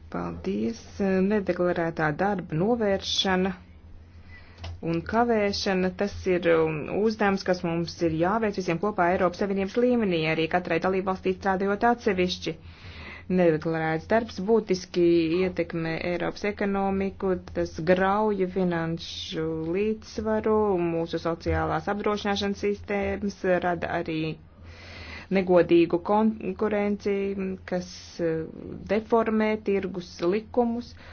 Paldies. Nedeklarētā darba novēršana un kavēšana, tas ir um, uzdevums, kas mums ir jāveic visiem kopā Eiropas Savienības līmenī, arī katrai dalībvalstī strādājot atsevišķi. Nedeklarēts darbs būtiski ietekmē Eiropas ekonomiku, tas grauja finanšu līdzsvaru, mūsu sociālās apdrošināšanas sistēmas, rada arī negodīgu konkurenci, kas uh, deformē tirgus likumus. Uh,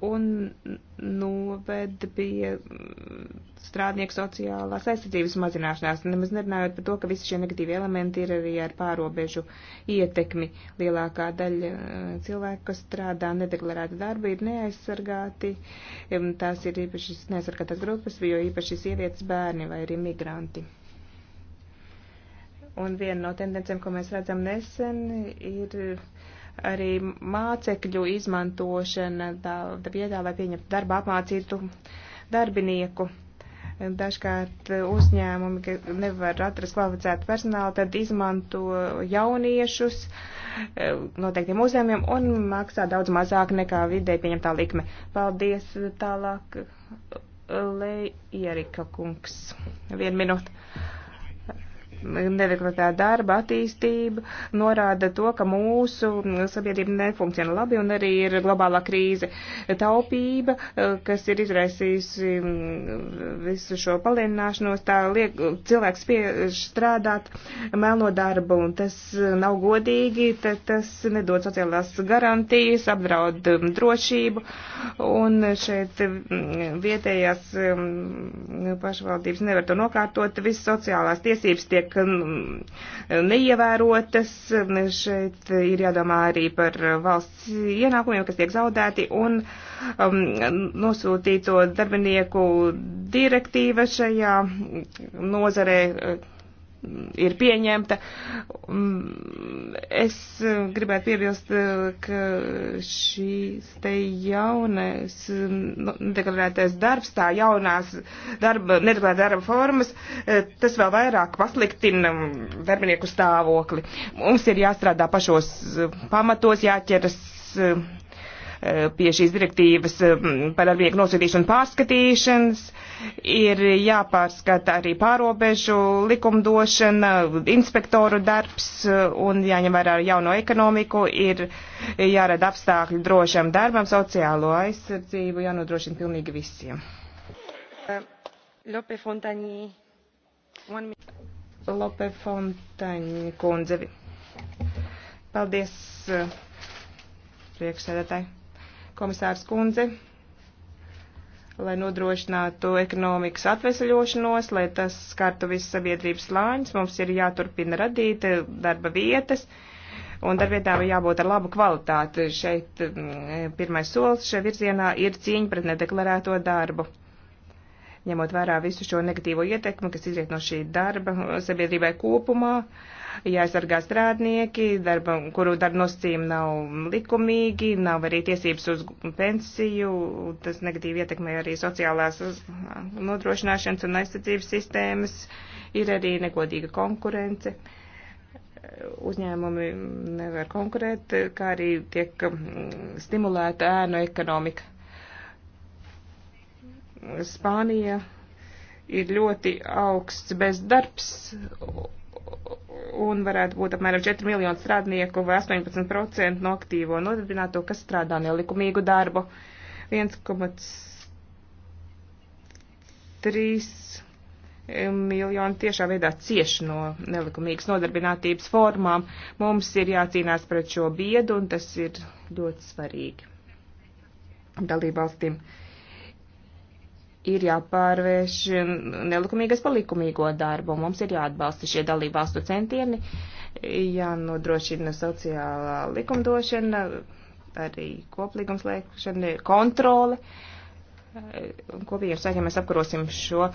un noved pie mm, strādnieku sociālās aizsardzības mazināšanās. Nemaz nerunājot par to, ka visi šie negatīvi elementi ir arī ar pārobežu ietekmi. Lielākā daļa mm, cilvēku, kas strādā nedeklarētu darbu, ir neaizsargāti. Tās ir īpaši neaizsargātās grupas, jo īpaši sievietes bērni vai arī migranti. Un viena no tendencēm, ko mēs redzam nesen, ir arī mācekļu izmantošana, tā, tā piedāvā pieņemt darba apmācītu darbinieku. Dažkārt uzņēmumi, ka nevar atrast kvalificētu personālu, tad izmanto jauniešus e, noteiktiem uzņēmumiem un maksā daudz mazāk nekā vidē pieņemtā likme. Paldies tālāk, Leierika kungs. Vienu minūti neveiklatā darba attīstība norāda to, ka mūsu sabiedrība nefunkcionē labi un arī ir globālā krīze. Taupība, eh, kas ir izraisījusi mm, visu šo palielināšanos, tā liek cilvēks pie strādāt melno darbu un tas nav godīgi, tas nedod sociālās garantijas, apdraud mm, drošību un šeit mm, vietējās pašvaldības nevar to nokārtot, viss sociālās tiesības tiek tiek mm, neievērotas. Šeit ir jādomā arī par valsts ienākumiem, kas tiek zaudēti, un um, nosūtīto darbinieku direktīva šajā nozarē ir pieņemta. Mm, es eh, gribētu piebilst, eh, ka šīs te jaunais mm, nu, nedeklarētais darbs, tā jaunās darba, nedeklarēta darba formas, eh, tas vēl vairāk pasliktina mm, darbinieku stāvokli. Mums ir jāstrādā pašos pamatos, jāķeras Eh, pie šīs direktīvas eh, par darbnieku nosūtīšanu pārskatīšanas, ir jāpārskata arī pārobežu likumdošana, inspektoru darbs eh, un jāņem vērā jauno ekonomiku, ir jārada apstākļi drošam darbam, sociālo aizsardzību, jānodrošina pilnīgi visiem. Lope Fontaņi. Lope Fontaņi kundze. Paldies priekšsēdētāji komisārs kundze, lai nodrošinātu ekonomikas atvesaļošanos, lai tas skartu visu sabiedrības slāņus, mums ir jāturpina radīt darba vietas, un darbvietām ir jābūt ar labu kvalitāti. Šeit mm, pirmais solis šajā virzienā ir cīņa pret nedeklarēto darbu. Ņemot vērā visu šo negatīvo ietekmi, kas izriet no šī darba sabiedrībai kopumā, uh, jāaizsargā strādnieki, darba, kuru darba nosacījumi nav likumīgi, nav arī tiesības uz pensiju, tas negatīvi ietekmē arī sociālās nodrošināšanas un aizsardzības sistēmas, ir arī negodīga konkurence uzņēmumi nevar konkurēt, kā arī tiek um, stimulēta ēnu ekonomika. Spānija ir ļoti augsts bezdarbs, un varētu būt apmēram 4 miljoni strādnieku vai 18% no aktīvo nodarbināto, kas strādā nelikumīgu darbu. 1,3 miljoni tiešā veidā cieš no nelikumīgas nodarbinātības formām. Mums ir jācīnās pret šo biedu, un tas ir ļoti svarīgi dalībvalstīm. valstīm ir jāpārvērš nelikumīgais par likumīgo darbu. Mums ir jāatbalsta šie dalībvalstu centieni, jānodrošina sociālā likumdošana, arī koplīgums lēkšana, kontrole. Kopīgiem spēkiem mēs apkarosim šo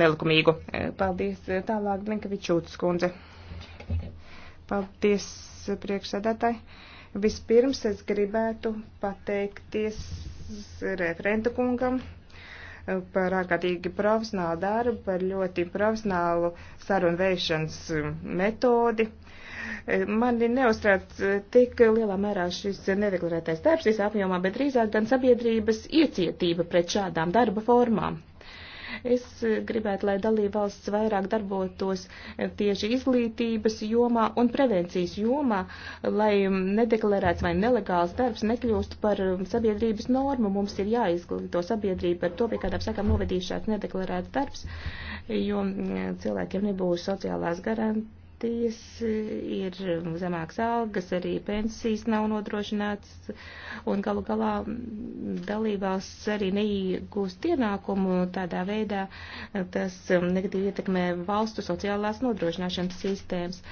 nelikumīgu. Paldies tālāk, Blinkavičūtas kundze. Paldies priekšsēdētāji. Vispirms es gribētu pateikties referenta kungam par ārkārtīgi profesionālu darbu, par ļoti profesionālu sarunu veišanas um, metodi. E, mani neuztrauc e, tik lielā mērā šis nedeklarētais darbs visā apjomā, bet drīzāk gan sabiedrības iecietība pret šādām darba formām. Es gribētu, lai dalībvalsts vairāk darbotos tieši izglītības jomā un prevencijas jomā, lai nedeklarēts vai nelegāls darbs nekļūst par sabiedrības normu. Mums ir jāizglīto sabiedrība par to, pie kādām sakām novedīs šāds nedeklarēts darbs, jo cilvēkiem nebūs sociālās garantijas valstīs ir zemāks algas, arī pensijas nav nodrošināts, un galu galā dalībvalsts arī neiegūst ienākumu tādā veidā, tas negatīvi ietekmē valstu sociālās nodrošināšanas sistēmas.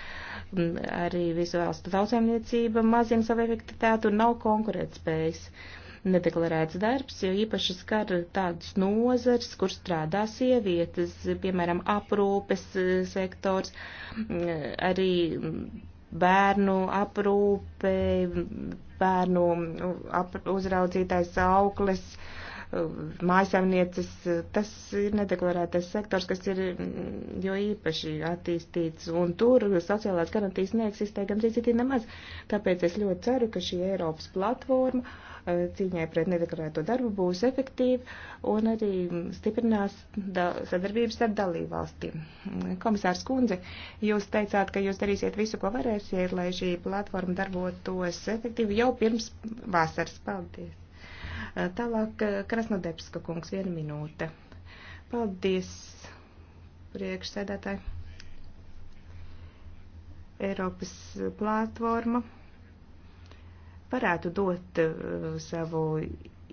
Arī visu valstu tautsēmniecība mazina savu efektivitātu un nav konkurētspējas. spējas nedeklarēts darbs, jo īpaši skar tādas nozars, kur strādā sievietes, piemēram, aprūpes e, sektors, arī bērnu aprūpe, bērnu uzraudzītājs aukles e, mājasēmnieces, tas ir nedeklarētais sektors, kas ir jo īpaši attīstīts, un tur sociālās garantijas neeksistē gan rīzitī nemaz. Tāpēc es ļoti ceru, ka šī Eiropas platforma cīņai pret nedeklarēto darbu būs efektīva un arī stiprinās sadarbības ar dalībvalstīm. Komisārs Kundze, jūs teicāt, ka jūs darīsiet visu, ko varēsiet, lai šī platforma darbotos efektīvi jau pirms vasaras. Paldies! Tālāk Krasnodebska kungs, viena minūte. Paldies, priekšsēdētāji. Eiropas platforma varētu dot uh, savu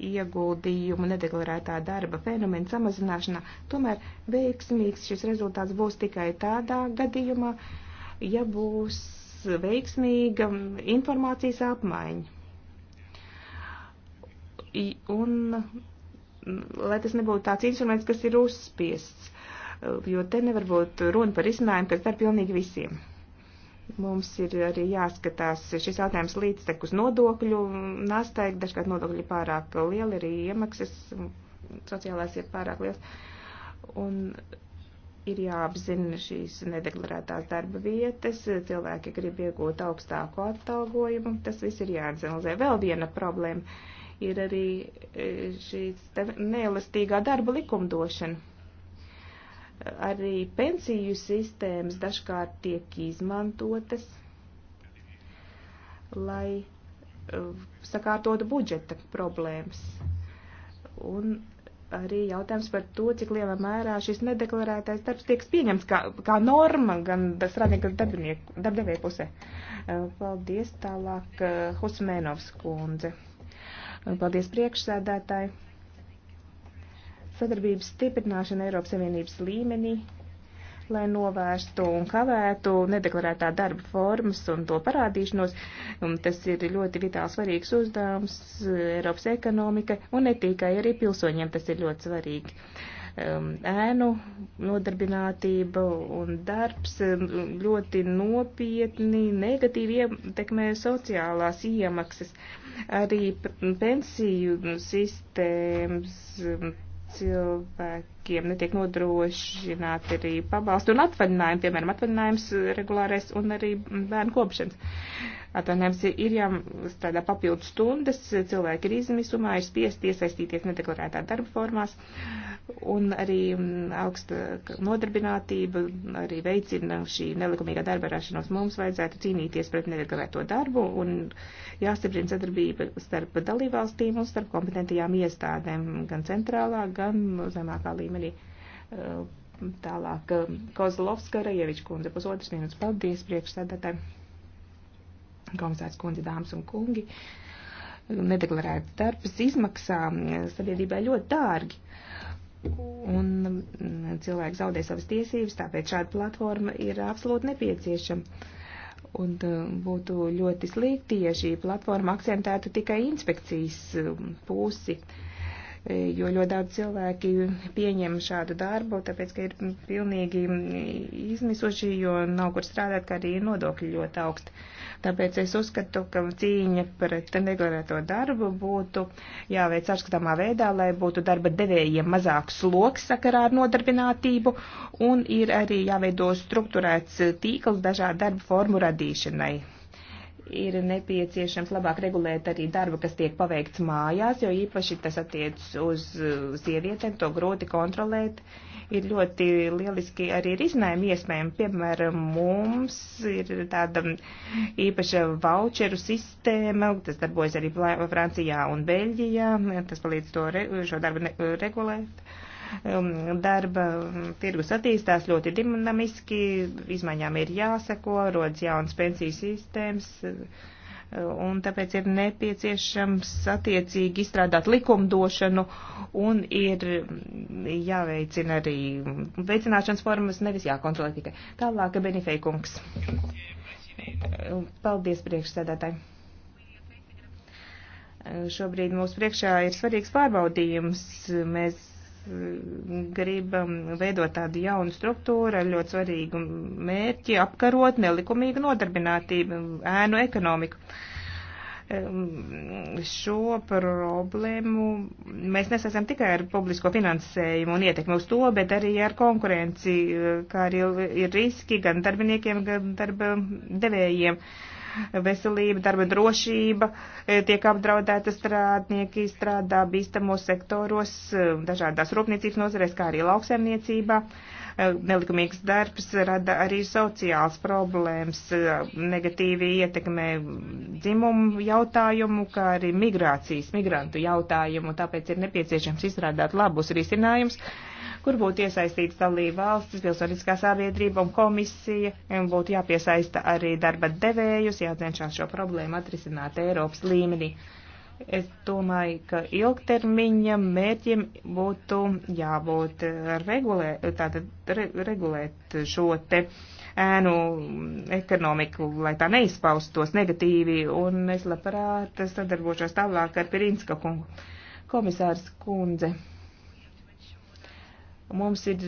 ieguldījumu nedeklarētā darba fenomena samazināšanā, tomēr veiksmīgs šis rezultāts būs tikai tādā gadījumā, ja būs veiksmīga informācijas apmaiņa. Un, lai tas nebūtu tāds instruments, kas ir uzspiests, jo te nevar būt runa par izmējumu, kas dar pilnīgi visiem. Mums ir arī jāskatās šis jautājums līdztekus nodokļu nastai, dažkārt nodokļi pārāk lieli, arī iemaksas sociālās ir pārāk liels. Un ir jāapzina šīs nedeklarētās darba vietas, cilvēki grib iegūt augstāku atalgojumu, tas viss ir jāanalizē. Vēl viena problēma ir arī e, šīs neelastīgā darba likumdošana arī pensiju sistēmas dažkārt tiek izmantotas, lai eh, sakārtotu budžeta problēmas. Un arī jautājums par to, cik lielā mērā šis nedeklarētais darbs tiek pieņemts kā, kā norma gan strādnieku, gan darbdevēju pusē. Eh, paldies tālāk eh, Husmēnovs kundze. Paldies priekšsēdētāji sadarbības stiprināšana Eiropas Savienības līmenī, lai novērstu un kavētu nedeklarētā darba formas un to parādīšanos. Un tas ir ļoti vitāli svarīgs uzdevums Eiropas ekonomikai un ne tikai arī pilsoņiem tas ir ļoti svarīgi. Um, ēnu nodarbinātība un darbs um, ļoti nopietni negatīvi ietekmē sociālās iemaksas. Arī pensiju sistēmas um, cilvēkiem netiek nodrošināti arī pabalstu un atvaļinājumi, piemēram, atvaļinājums regulārais un arī bērnu kopšanas. Atvainojums ir jāstrādā papildu stundas, cilvēki ir izmisumā, ir spiesti iesaistīties nedeklarētā darba formās, un arī mm, augsta nodarbinātība arī veicina šī nelikumīgā darba rašanos. Mums vajadzētu cīnīties pret nedeklarēto darbu, un jāstiprina sadarbība starp dalībvalstīm un starp kompetentajām iestādēm, gan centrālā, gan zemākā līmenī. Tālāk, Kozlovska Rajeviča kundze, pusotras minūtes. Paldies priekšsēdētājiem! komisārs kundze, dāmas un kungi, nedeklarēts darbs izmaksā mm, sabiedrībai ļoti dārgi. Un mm, cilvēki zaudē savas tiesības, tāpēc šāda platforma ir absolūti nepieciešama. Un mm, būtu ļoti slikti, ja šī platforma akcentētu tikai inspekcijas pusi. Uh, E, jo ļoti daudz cilvēki pieņem šādu darbu, tāpēc, ka ir pilnīgi izmisuši, jo nav kur strādāt, kā arī nodokļi ļoti augsti. Tāpēc es uzskatu, ka cīņa pret nedeklarēto darbu būtu jāveic atskatāmā veidā, lai būtu darba devējiem mazāk sloks sakarā ar nodarbinātību, un ir arī jāveido struktūrēts tīkls dažādu darbu formu radīšanai ir nepieciešams labāk regulēt arī darbu, kas tiek paveikts mājās, jo īpaši tas attiec uz sievietēm, to grūti kontrolēt. Ir ļoti lieliski arī risinājumi iespējami. Piemēram, mums ir tāda īpaša voucheru sistēma, tas darbojas arī Francijā un Beļģijā, tas palīdz to, re, šo darbu regulēt. Uh, Um, darba um, tirgus attīstās ļoti dinamiski, izmaiņām ir jāseko, rodas jaunas pensijas sistēmas, uh, un tāpēc ir nepieciešams attiecīgi izstrādāt likumdošanu un ir jāveicina arī veicināšanas formas, nevis jākontrolē tikai. Tālāk, Benifeikungs. Paldies priekšsēdētāji šobrīd mūsu priekšā ir svarīgs pārbaudījums. Mēs gribam veidot tādu jaunu struktūru ar ļoti svarīgu mērķi apkarot nelikumīgu nodarbinātību, ēnu ekonomiku. Ehm, šo problēmu mēs nesasam tikai ar publisko finansējumu un ietekmi uz to, bet arī ar konkurenci, kā arī ir riski gan darbiniekiem, gan darba devējiem. Uh, veselība, darba drošība, e, tiek apdraudēta strādnieki, strādā bīstamos sektoros, e, dažādās rūpniecības nozarēs, kā arī lauksaimniecībā. E, nelikumīgs darbs rada arī sociāls problēmas, negatīvi ietekmē dzimumu jautājumu, kā arī migrācijas, migrantu jautājumu, tāpēc ir nepieciešams izstrādāt labus risinājumus kur būtu iesaistīts dalība valstis, pilsoniskā sabiedrība un komisija, un būtu jāpiesaista arī darba devējus, jācenšās šo problēmu atrisināt Eiropas līmenī. Es domāju, ka ilgtermiņa mērķim būtu jābūt eh, regulē, tātad, re, regulēt šo te ēnu ekonomiku, lai tā neizpaustos negatīvi, un es labprāt sadarbošos tālāk ar Pirinska kungu. Komisārs kundze. Mums ir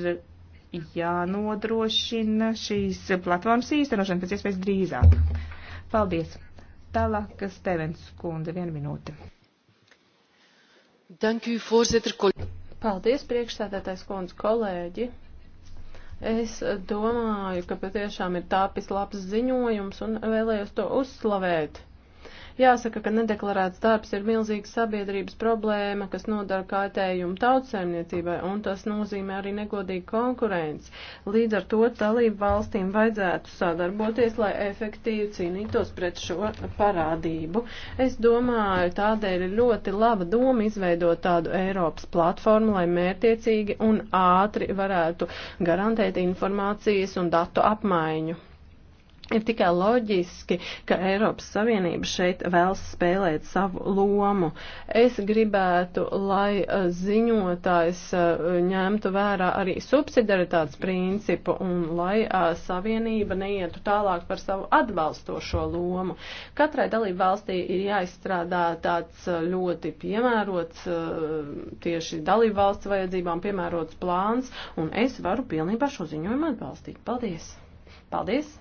jānodrošina šīs platformas īstenošana pēc iespējas drīzāk. Paldies! Tālāk Stevens kundze, viena minūte. Danku, voorzitter, Paldies, priekšstādātais kundze, kolēģi! Es domāju, ka patiešām ir tāpis labs ziņojums un vēlējos to uzslavēt. Jāsaka, ka nedeklarēts darbs ir milzīga sabiedrības problēma, kas nodara kaitējumu tautsēmniecībai, un tas nozīmē arī negodīgu konkurenci. Līdz ar to dalību valstīm vajadzētu sadarboties, lai efektīvi cīnītos pret šo parādību. Es domāju, tādēļ ir ļoti laba doma izveidot tādu Eiropas platformu, lai mērtiecīgi un ātri varētu garantēt informācijas un datu apmaiņu. Ir tikai loģiski, ka Eiropas Savienība šeit vēlas spēlēt savu lomu. Es gribētu, lai e, ziņotājs e, ņemtu vērā arī subsidaritātes principu un lai e, Savienība neietu tālāk par savu atbalstošo lomu. Katrai dalību valstī ir jāizstrādā tāds ļoti piemērots tieši dalību valsts vajadzībām piemērots plāns, un es varu pilnībā šo ziņojumu atbalstīt. Paldies! Paldies!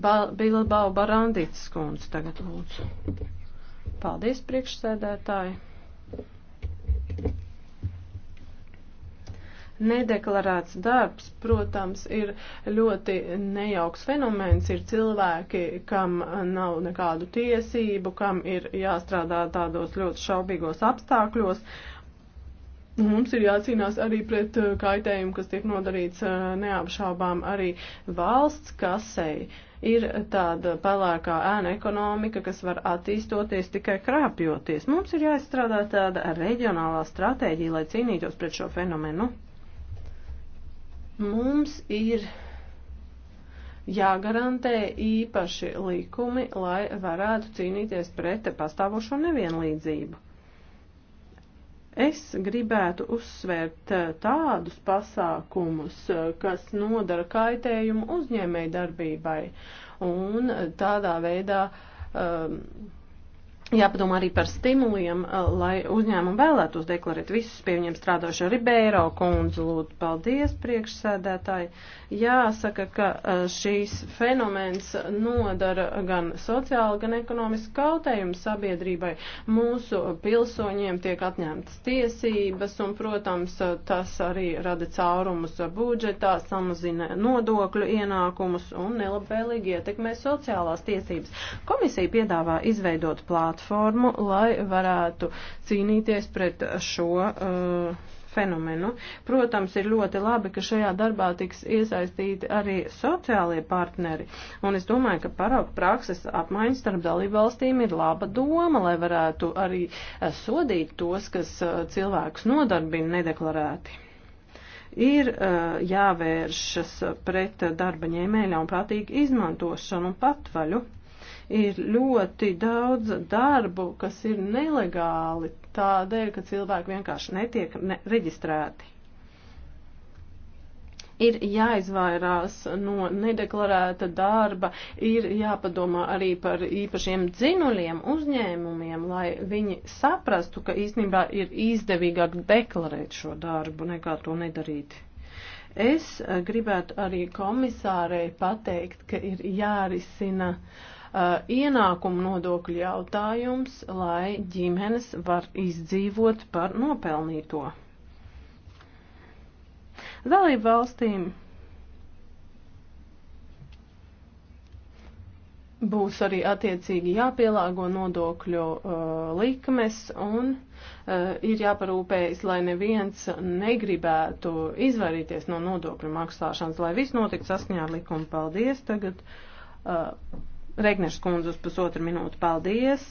ba Bilbao Barandītas kundze tagad lūdzu. Paldies, priekšsēdētāji. Nedeklarēts darbs, protams, ir ļoti nejauks fenomens. Ir cilvēki, kam nav nekādu tiesību, kam ir jāstrādā tādos ļoti šaubīgos apstākļos, Mums ir jācīnās arī pret eh, kaitējumu, kas tiek nodarīts eh, neapšaubām arī valsts kasei. Ir tāda pelēkā ēna ekonomika, kas var attīstoties tikai krāpjoties. Mums ir jāizstrādā tāda reģionālā stratēģija, lai cīnītos pret šo fenomenu. Mums ir jāgarantē īpaši likumi, lai varētu cīnīties pret pastāvošo nevienlīdzību. Es gribētu uzsvērt eh, tādus pasākumus, eh, kas nodara kaitējumu uzņēmējdarbībai un eh, tādā veidā um, Jāpadomā arī par stimuliem, eh, lai uzņēmumi vēlētos deklarēt visus pie viņiem strādošo Ribeiro kundzu. Lūdzu, paldies priekšsēdētāji. Jāsaka, ka eh, šīs fenomens nodara gan sociāli, gan ekonomiski kautējumu sabiedrībai. Mūsu pilsoņiem tiek atņemtas tiesības un, protams, tas arī rada caurumus budžetā, samazina nodokļu ienākumus un nelabvēlīgi ietekmē sociālās tiesības. Komisija piedāvā izveidot plātu platformu, lai varētu cīnīties pret šo uh, fenomenu. Protams, ir ļoti labi, ka šajā darbā tiks iesaistīti arī sociālie partneri, un es domāju, ka parauga prakses apmaiņas starp dalībvalstīm ir laba doma, lai varētu arī uh, sodīt tos, kas uh, cilvēkus nodarbina nedeklarēti. Ir uh, jāvēršas pret darba ņēmēļa un prātīgu izmantošanu un patvaļu ir ļoti daudz darbu, kas ir nelegāli tādēļ, ka cilvēki vienkārši netiek ne reģistrēti. Ir jāizvairās no nedeklarēta darba, ir jāpadomā arī par īpašiem dzinuļiem uzņēmumiem, lai viņi saprastu, ka īstenībā ir izdevīgāk deklarēt šo darbu, nekā to nedarīt. Es gribētu arī komisārei pateikt, ka ir jārisina uh, Uh, ienākumu nodokļu jautājums, lai ģimenes var izdzīvot par nopelnīto. Dalību valstīm būs arī attiecīgi jāpielāgo nodokļu uh, likmes un uh, ir jāparūpējas, lai neviens negribētu izvairīties no nodokļu maksāšanas, lai viss notiktu saskaņā ar likumu. Paldies! Tagad uh, Regnešs kundze uz pusotru minūtu paldies.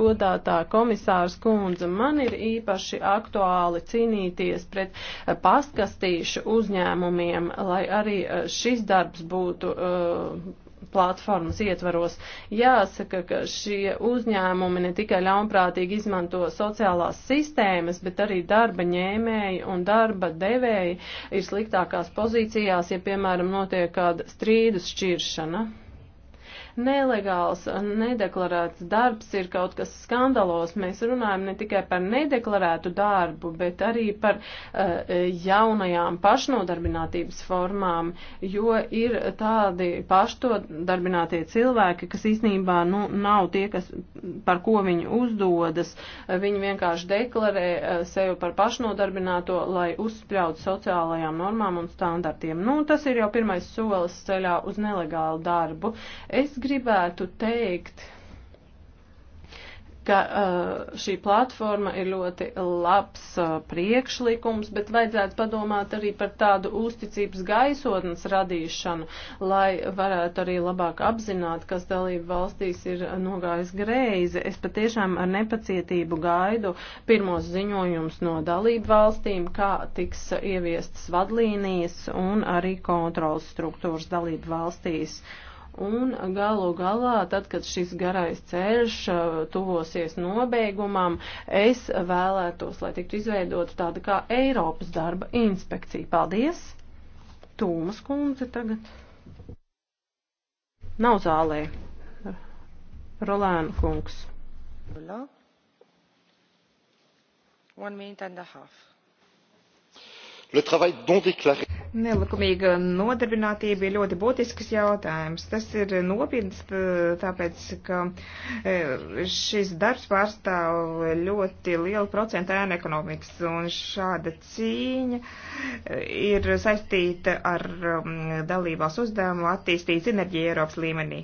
Godātā komisārs kundze, man ir īpaši aktuāli cīnīties pret pastkastīšu uzņēmumiem, lai arī šis darbs būtu. Uh, platformas ietvaros. Jāsaka, ka šie uzņēmumi ne tikai ļaunprātīgi izmanto sociālās sistēmas, bet arī darba ņēmēji un darba devēji ir sliktākās pozīcijās, ja, piemēram, notiek kāda strīdus šķiršana. Nelegāls, nedeklarēts darbs ir kaut kas skandalos. Mēs runājam ne tikai par nedeklarētu darbu, bet arī par uh, jaunajām pašnodarbinātības formām, jo ir tādi pašnodarbinātie cilvēki, kas īstenībā nu, nav tie, kas, par ko viņi uzdodas. Viņi vienkārši deklarē uh, sevi par pašnodarbināto, lai uzspļautu sociālajām normām un standartiem. Nu, tas ir jau pirmais solis ceļā uz nelegālu darbu. Es gribētu teikt, ka uh, šī platforma ir ļoti labs uh, priekšlikums, bet vajadzētu padomāt arī par tādu uzticības gaisotnes radīšanu, lai varētu arī labāk apzināt, kas dalību valstīs ir nogājis greizi. Es patiešām ar nepacietību gaidu pirmos ziņojumus no dalību valstīm, kā tiks ieviestas vadlīnijas un arī kontrols struktūras dalību valstīs. Uh, Un galu galā, tad, kad šis garais ceļš uh, tuvosies nobeigumam, es vēlētos, lai tiktu izveidota tāda kā Eiropas darba inspekcija. Paldies! Tūmas kundze tagad. Nav zālē. Rolēna kungs. One minute and a half. Nelikumīga nodarbinātība ir ļoti būtisks jautājums. Tas ir nopietns, tāpēc, ka e, šis darbs pārstāv ļoti lielu procentu ēnu ekonomikas, un šāda cīņa e, ir saistīta ar dalībās uzdevumu attīstīt sinerģiju Eiropas līmenī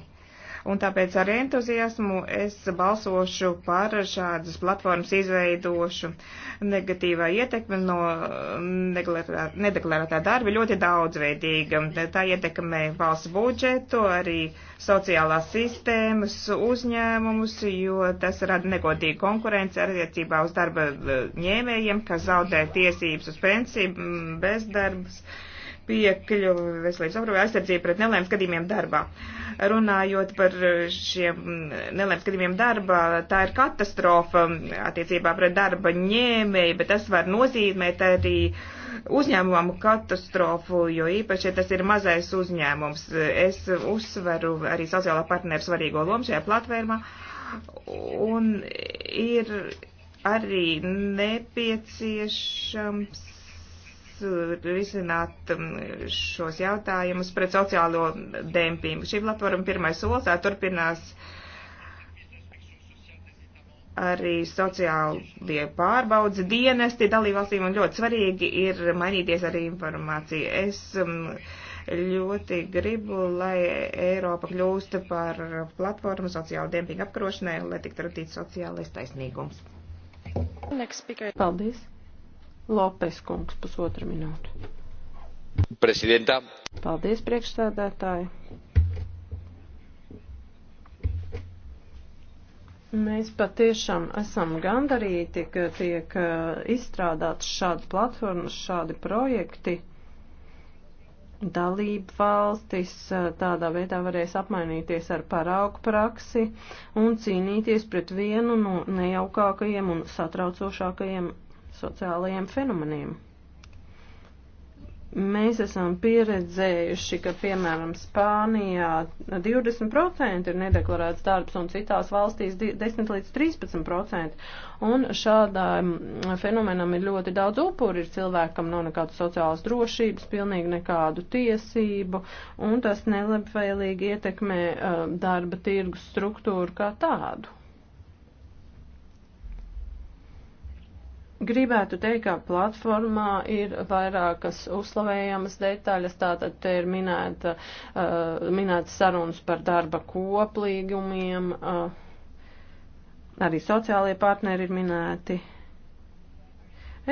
un tāpēc ar entuziasmu es balsošu par šādas platformas izveidošu. Negatīvā ietekme no nedeklarētā darba ļoti daudzveidīga. Tā ietekmē valsts budžetu, arī sociālās sistēmas, uzņēmumus, jo tas rada negodīgu konkurenci attiecībā uz darba ņēmējiem, kas zaudē tiesības uz pensiju, bezdarbs. Uh, piekļuvi veselības aprūpē aizsardzību pret nelēmas gadījumiem darbā. Runājot par šiem nelēmas gadījumiem darbā, tā ir katastrofa attiecībā pret darba ņēmēju, bet tas var nozīmēt arī uzņēmumam katastrofu, jo īpaši, ja tas ir mazais uzņēmums, es uzsveru arī sociālā partneru svarīgo lomu šajā platformā. Un ir arī nepieciešams risināt um, šos jautājumus pret sociālo dempingu. Šī platforma pirmais solis turpinās arī sociālie pārbaudas dienesti dalībvalstīm un ļoti svarīgi ir mainīties arī informācija. Es um, ļoti gribu, lai Eiropa kļūst par platformu sociāla dempinga apkarošanai, lai tiktu radīts sociālais taisnīgums. Paldies! Lopes kungs, pusotra minūte. Presidenta. Paldies, priekšsēdētāji. Mēs patiešām esam gandarīti, ka tiek uh, izstrādāts šāda platforma, šādi projekti. Dalība valstis uh, tādā veidā varēs apmainīties ar paraugu praksi un cīnīties pret vienu no nejaukākajiem un satraucošākajiem sociālajiem fenomeniem. Mēs esam pieredzējuši, ka, piemēram, Spānijā 20% ir nedeklarēts darbs un citās valstīs 10 līdz 13%. Un šādām fenomenam ir ļoti daudz upuri, ir cilvēkam nav nekādas sociālas drošības, pilnīgi nekādu tiesību, un tas nelabvēlīgi ietekmē uh, darba tirgus struktūru kā tādu. Gribētu teikt, ka platformā ir vairākas uzslavējamas detaļas, tātad te ir minēta, uh, minēta sarunas par darba koplīgumiem, uh, arī sociālie partneri ir minēti.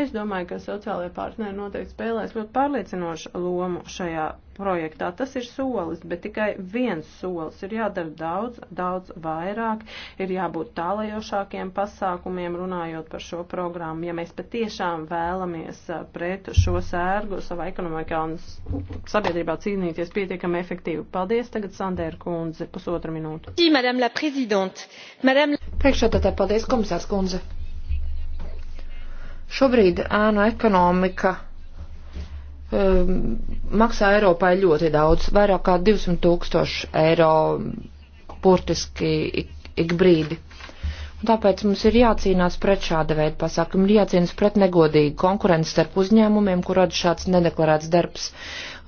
Es domāju, ka sociālajie partneri noteikti spēlēs ļoti pārliecinošu lomu šajā projektā. Tas ir solis, bet tikai viens solis. Ir jādara daudz, daudz vairāk, ir jābūt tālajošākiem pasākumiem runājot par šo programmu. Ja mēs patiešām vēlamies uh, pret šo sērgu savā ekonomikā un sabiedrībā cīnīties pietiekami efektīvi. Paldies tagad Sandēra kundze, pusotra minūte. Priekšādā paldies komisārs kundze. Šobrīd ēnu ekonomika um, maksā Eiropai ļoti daudz, vairāk kā 200 tūkstoši eiro burtiski ik, ik brīdi. Un tāpēc mums ir jācīnās pret šāda veida pasākumu, jācīnās pret negodīgu konkurenci starp uzņēmumiem, kur rada šāds nedeklarēts darbs.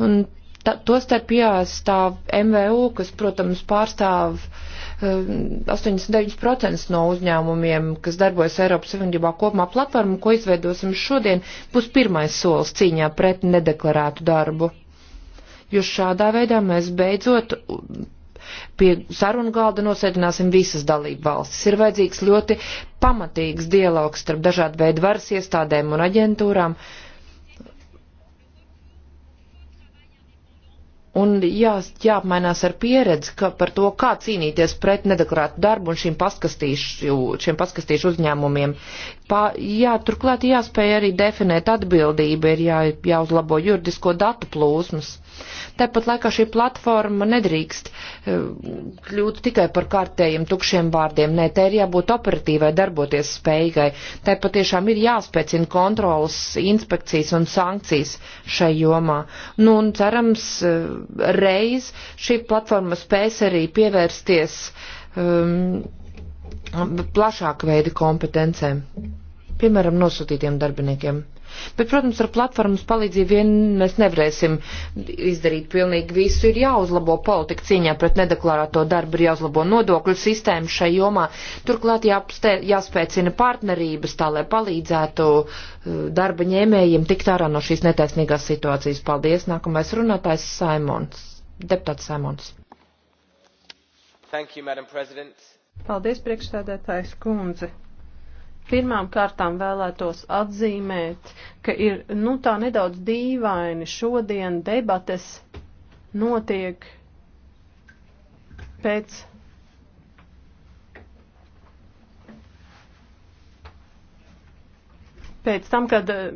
Un ta, to starp jāstāv MVU, kas, protams, pārstāv uh, 89% no uzņēmumiem, kas darbojas Eiropas Savienībā kopumā platformu, ko izveidosim šodien, būs pirmais solis cīņā pret nedeklarētu darbu. Jo šādā veidā mēs beidzot pie sarunu galda nosēdināsim visas dalību valstis. Ir vajadzīgs ļoti pamatīgs dialogs starp dažādu veidu varas iestādēm un aģentūrām. Uh, un jā, jāapmainās ar pieredzi ka, par to, kā cīnīties pret nedeklarētu darbu un šiem paskastīšu, šiem paskastīšu uzņēmumiem. Pā, jā, turklāt jāspēj arī definēt atbildību, ir jā, jāuzlabo juridisko datu plūsmas. Tāpat laikā šī platforma nedrīkst eh, kļūt tikai par kārtējiem tukšiem vārdiem. Nē, tai ir jābūt operatīvai, darboties spējīgai. Tai patiešām ir jāspēcina kontrolas, inspekcijas un sankcijas šai jomā. Nu, un cerams, eh, reiz šī platforma spēs arī pievērsties um, plašāka veida kompetencēm, piemēram, nosūtītiem darbiniekiem. Bet, protams, ar platformas palīdzību vien mēs nevarēsim izdarīt pilnīgi visu. Ir jāuzlabo politika cīņā pret nedeklarēto darbu, ir jāuzlabo nodokļu sistēmu šai jomā. Turklāt jāpstē, jāspēcina partnerības tā, lai palīdzētu uh, darba ņēmējiem tikt ārā no šīs netaisnīgās situācijas. Paldies. Nākamais runātājs Saimons. Deputāts Saimons. Thank you, Madam President. Paldies, priekšstādātājs kundze. Pirmām kārtām vēlētos atzīmēt, ka ir nu, tā nedaudz dīvaini šodien debates notiek pēc pēc tam, kad eh,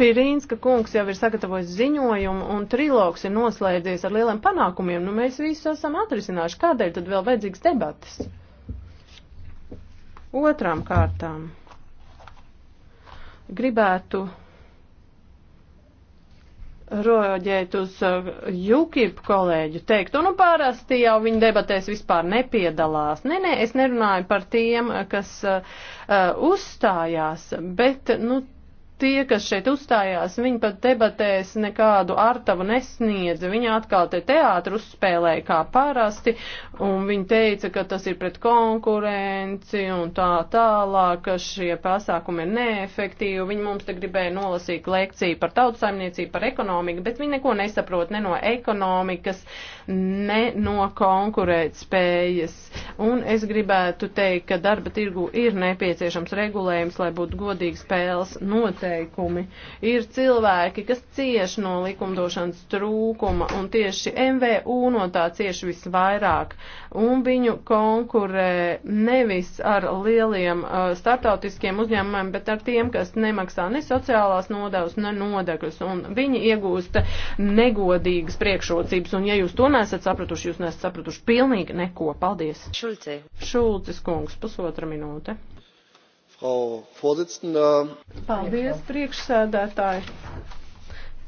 Pirīnska kungs jau ir sagatavojis ziņojumu un trilogs ir noslēdzies ar lieliem panākumiem, nu mēs visu esam atrisinājuši. Kādēļ tad vēl vajadzīgs debatas? Otrām kārtām gribētu roģēt uz uh, UKIP kolēģu teikt, un nu, parasti jau viņi debatēs vispār nepiedalās. Nē, nē, es nerunāju par tiem, kas uh, uh uzstājās, bet, nu, tie, kas šeit uzstājās, viņi pat debatēs nekādu artavu nesniedza. Viņi atkal te teātru uzspēlēja kā parasti, un viņi teica, ka tas ir pret konkurenci un tā tālāk, ka šie pasākumi ir neefektīvi. Viņi mums te gribēja nolasīt lekciju par tautsaimniecību, par ekonomiku, bet viņi neko nesaprot ne no ekonomikas, ne no konkurēt spējas. Un es gribētu teikt, ka darba tirgu ir nepieciešams regulējums, lai būtu godīgi spēles noteikumi. Ir cilvēki, kas cieš no likumdošanas trūkuma, un tieši MVU no tā cieš visvairāk. Un viņu konkurē nevis ar lieliem uh, startautiskiem uzņēmumiem, bet ar tiem, kas nemaksā ne sociālās nodevas, ne nodekļus. Un viņi iegūst negodīgas priekšrocības. Un, ja jūs to nesat sapratuši, jūs nesat sapratuši pilnīgi neko. Paldies. Šulce. Šulcis kungs, pusotra minūte. Frau Vorsitzende. Paldies, priekšsēdētāji.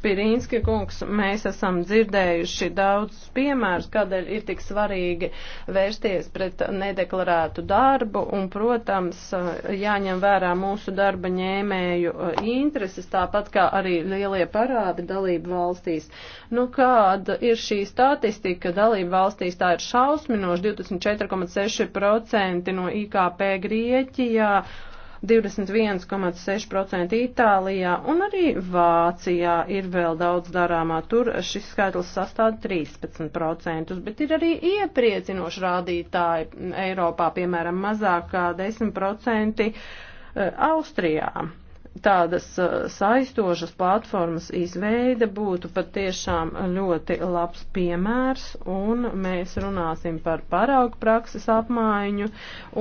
Pirīnski kungs, mēs esam dzirdējuši daudz piemērus, kādēļ ir tik svarīgi vērsties pret nedeklarētu darbu un, protams, jāņem vērā mūsu darba ņēmēju uh, intereses, tāpat kā arī lielie parādi dalību valstīs. Nu, kāda ir šī statistika dalību valstīs? Tā ir šausminoši 24,6% no IKP Grieķijā 21,6% Itālijā un arī Vācijā ir vēl daudz darāmā. Tur šis skaitlis sastāv 13%, bet ir arī iepriecinoši rādītāji Eiropā, piemēram, mazāk kā 10% eh, Austrijā tādas uh, saistošas platformas izveide būtu patiešām ļoti labs piemērs, un mēs runāsim par paraugu prakses apmaiņu,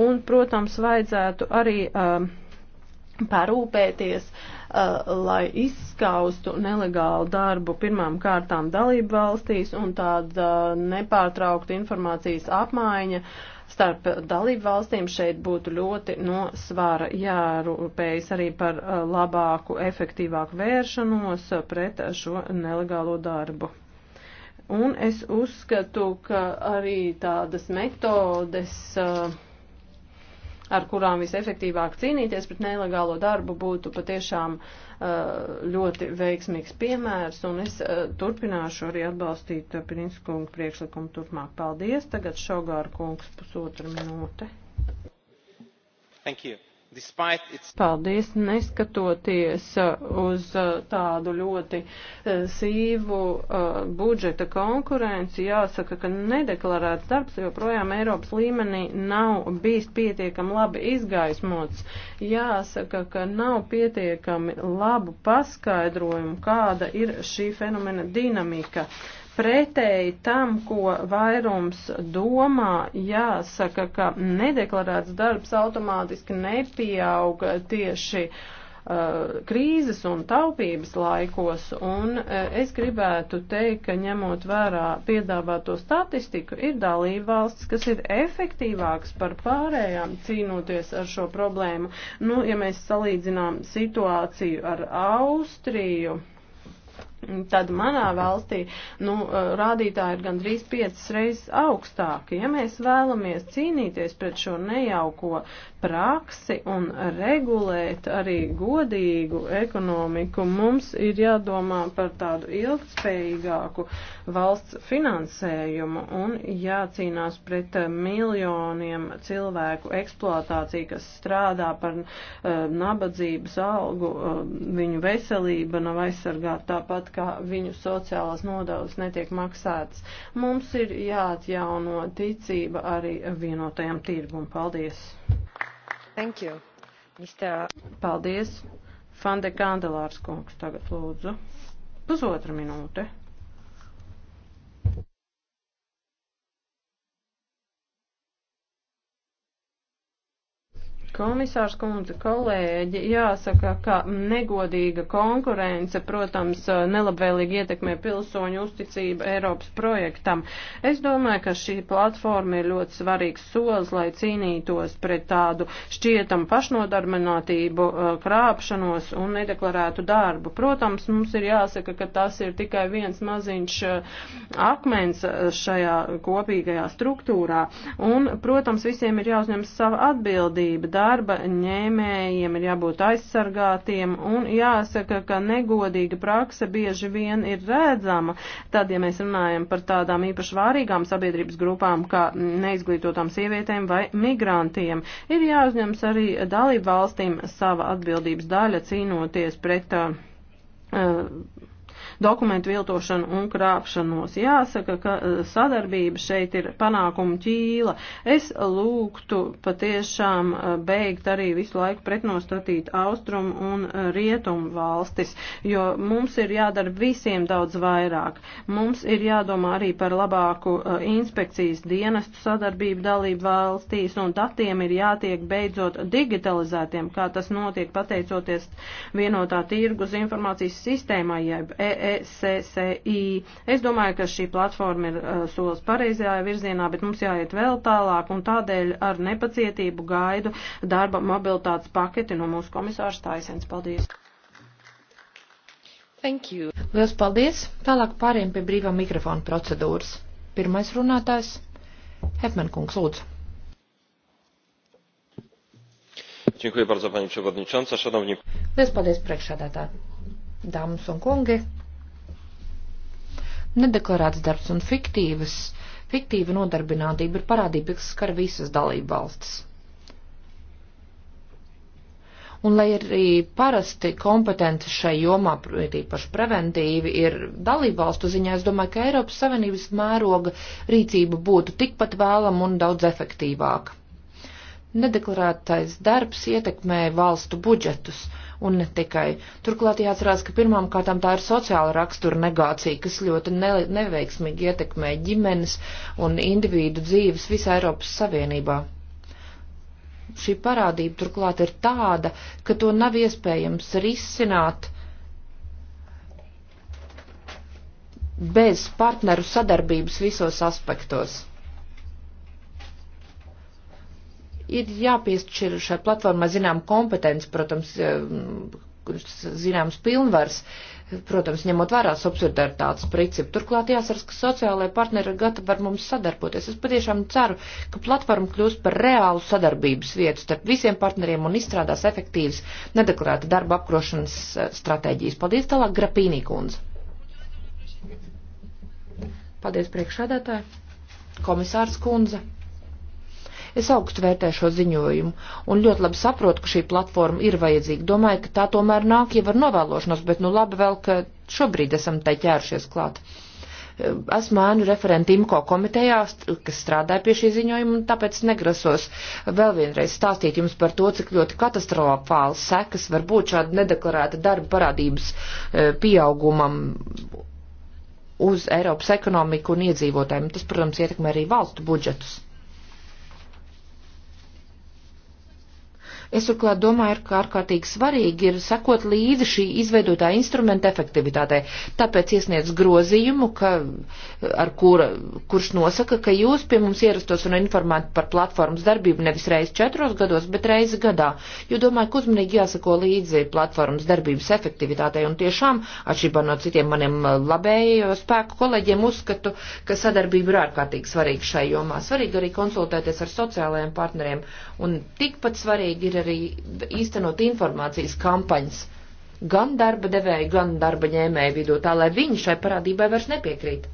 un, protams, vajadzētu arī uh, parūpēties, uh, lai izskaustu nelegālu darbu pirmām kārtām dalību valstīs un tāda uh, nepārtraukta informācijas apmaiņa uh, starp dalību valstīm šeit būtu ļoti no svara jārūpējas arī par uh, labāku, efektīvāku vēršanos uh, pret šo nelegālo darbu. Un es uzskatu, ka arī tādas metodes uh, ar kurām visefektīvāk cīnīties pret nelegālo darbu, būtu patiešām uh, ļoti veiksmīgs piemērs, un es uh, turpināšu arī atbalstīt uh, Pirinska kunga priekšlikumu turpmāk. Paldies! Tagad Šogāra kungs pusotra minūte. Thank you. Paldies, neskatoties uh, uz uh, tādu ļoti uh, sīvu budžeta konkurenci, jāsaka, ka nedeklarēts darbs joprojām Eiropas līmenī nav bijis pietiekami labi izgaismots. Jāsaka, ka nav pietiekami labu paskaidrojumu, kāda ir šī fenomena dinamika. Uh, pretēji tam, ko vairums domā, jāsaka, ka nedeklarēts darbs automātiski nepieaug tieši uh, krīzes un taupības laikos, un uh, es gribētu teikt, ka ņemot vērā piedāvāto statistiku, ir dalībvalsts, kas ir efektīvāks par pārējām cīnoties ar šo problēmu. Nu, ja mēs salīdzinām situāciju ar Austriju, tad manā valstī nu, rādītāji ir gandrīz piecas reizes augstāki. Ja mēs vēlamies cīnīties pret šo nejauko praksi un regulēt arī godīgu ekonomiku, mums ir jādomā par tādu ilgspējīgāku valsts finansējumu un jācīnās pret miljoniem cilvēku eksploatāciju, kas strādā par uh, nabadzības algu, uh, viņu veselība nav aizsargāta tāpat, kā viņu sociālās nodevas netiek maksātas. Mums ir jāatjauno ticība arī vienotajam tirgum. Paldies! Thank you. Mister... Paldies. Fande Kandelārs kungs tagad lūdzu. Pusotra minūte. Komisārs kundze, kolēģi, jāsaka, ka negodīga konkurence, protams, nelabvēlīgi ietekmē pilsoņu uzticību Eiropas projektam. Es domāju, ka šī platforma ir ļoti svarīgs solis, lai cīnītos pret tādu šķietamu pašnodarbinātību, uh, krāpšanos un nedeklarētu darbu. Protams, mums ir jāsaka, ka tas ir tikai viens maziņš uh, akmens uh, šajā kopīgajā struktūrā. Un, protams, visiem ir jāuzņem sava atbildība darba ņēmējiem ir jābūt aizsargātiem un jāsaka, ka negodīga praksa bieži vien ir redzama. Tad, ja mēs runājam par tādām īpaši vārīgām sabiedrības grupām, kā neizglītotām sievietēm vai migrantiem, ir jāuzņems arī dalību valstīm sava atbildības daļa cīnoties pret uh, dokumentu viltošanu un krāpšanos. Jāsaka, ka e, sadarbība šeit ir panākumu ķīla. Es lūgtu patiešām e, beigt arī visu laiku pretnostatīt austrumu un e, rietumu valstis, jo mums ir jādara visiem daudz vairāk. Mums ir jādomā arī par labāku inspekcijas dienestu sadarbību dalību valstīs un datiem ir jātiek beidzot digitalizētiem, kā tas notiek pateicoties vienotā tirgus informācijas sistēmai, jeb EE ECCI. Es domāju, ka šī platforma ir uh, solis pareizajā virzienā, bet mums jāiet vēl tālāk, un tādēļ ar nepacietību gaidu darba mobilitātes paketi no mūsu komisārs Taisens. Paldies! Thank you. Lielas paldies! Tālāk pāriem pie brīvā mikrofona procedūras. Pirmais runātājs - Hepman kungs, lūdzu. Dziękuję bardzo Pani Przewodnicząca, Szanowni Państwo. Dāmas un kungi, Nedeklarēts darbs un fiktīvas, fiktīva nodarbinātība ir parādība, kas skar visas dalību valstis. Un lai arī parasti kompetence šai jomā, tīpaši preventīvi, ir dalībvalstu ziņā, es domāju, ka Eiropas Savienības mēroga rīcība būtu tikpat vēlam un daudz efektīvāka. Nedeklarētais darbs ietekmē valstu budžetus un ne tikai. Turklāt jāatcerās, ka pirmām kārtām tā ir sociāla rakstura negācija, kas ļoti ne, neveiksmīgi ietekmē ģimenes un individu dzīves visā Eiropas Savienībā. Šī parādība turklāt ir tāda, ka to nav iespējams risināt bez partneru sadarbības visos aspektos Ir jāpiešķir šai platformai zinām kompetenci, protams, eh, zināms pilnvars, protams, ņemot vērā subsidaritātes principu. Turklāt jāsars, ka sociālajie partneri ir gatavi ar mums sadarboties. Es patiešām ceru, ka platforma kļūs par reālu sadarbības vietu starp visiem partneriem un izstrādās efektīvas nedeklarēta darba apkrošanas eh, stratēģijas. Paldies tālāk, Grapīnī kundze. Paldies priekšādātāji, komisārs kundze. Es augstu vērtēju šo ziņojumu un ļoti labi saprotu, ka šī platforma ir vajadzīga. Domāju, ka tā tomēr nāk jau ar novēlošanos, bet nu labi vēl, ka šobrīd esam tai ķērušies klāt. Esmu ēnu referenti IMCO komitejā, kas strādāja pie šī ziņojuma, un tāpēc negrasos vēl vienreiz stāstīt jums par to, cik ļoti katastrofāls sekas var būt šāda nedeklarēta darba parādības e, pieaugumam uz Eiropas ekonomiku un iedzīvotājiem. Tas, protams, ietekmē arī valstu budžetus. Es turklāt domāju, ka ārkārtīgi svarīgi ir sekot līdzi šī izveidotā instrumenta efektivitātei. Tāpēc iesniedz grozījumu, ka, ar kura, kurš nosaka, ka jūs pie mums ierastos un informētu par platformas darbību nevis reizi četros gados, bet reizi gadā. Jo domāju, ka uzmanīgi jāsako līdzi platformas darbības efektivitātei un tiešām, atšķirībā no citiem maniem uh, labējo spēku kolēģiem, uzskatu, ka sadarbība ir ārkārtīgi svarīga šai jomā. Svarīgi arī konsultēties ar sociālajiem partneriem un tikpat svarīgi ir ir arī īstenot informācijas kampaņas gan darba devēju, gan darba ņēmēju vidū, tā lai viņi šai parādībai vairs nepiekrīt.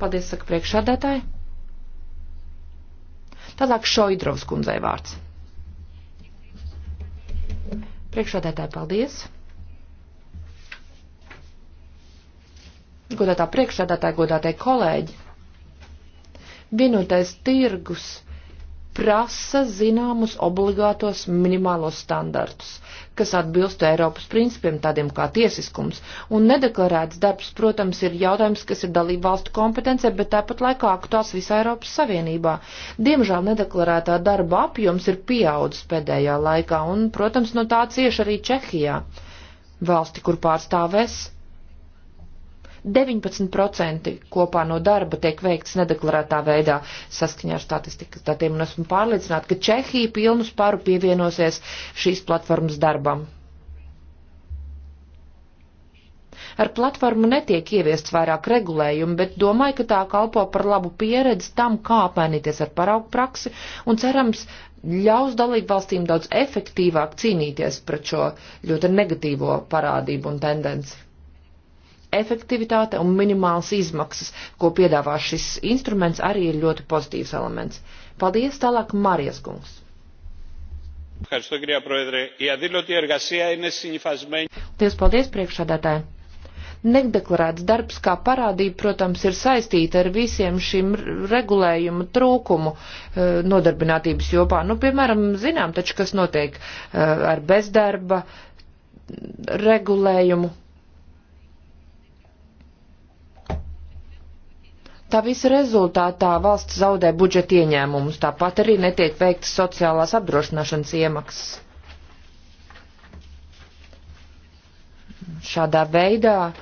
Paldies, saka priekšādātāji. Tālāk Šoidrovs kundzei vārds. Priekšādātāji, paldies. Godātā priekšādātāja, godātāji kolēģi. Vienotais tirgus prasa zināmus obligātos minimālos standartus, kas atbilstu Eiropas principiem, tādiem kā tiesiskums. Un nedeklarēts darbs, protams, ir jautājums, kas ir dalība valstu kompetencē, bet tāpat laikā aktās visā Eiropas Savienībā. Diemžēl nedeklarētā darba apjoms ir pieaudzis pēdējā laikā, un, protams, no tā cieši arī Čehijā, valsti, kur pārstāvēs 19% kopā no darba tiek veikts nedeklarētā veidā saskaņā ar statistikas datiem, un esmu pārliecināta, ka Čehija pilnu spāru pievienosies šīs platformas darbam. Ar platformu netiek ieviests vairāk regulējumu, bet domāju, ka tā kalpo par labu pieredzi tam, kā apmainīties ar paraugu praksi, un cerams, ļaus dalībvalstīm daudz efektīvāk cīnīties pret šo ļoti negatīvo parādību un tendenci efektivitāte un minimāls izmaksas, ko piedāvā šis instruments, arī ir ļoti pozitīvs elements. Paldies, tālāk Marijas kungs. Paldies, paldies priekšādātāji. Nedeklarēts darbs kā parādība, protams, ir saistīta ar visiem šim regulējumu trūkumu eh, nodarbinātības jopā. Nu, piemēram, zinām taču, kas notiek eh, ar bezdarba mm, regulējumu Tā visa rezultātā valsts zaudē budžeta ieņēmumus, tāpat arī netiek veiktas sociālās apdrošināšanas iemaksas. Šādā veidā eh,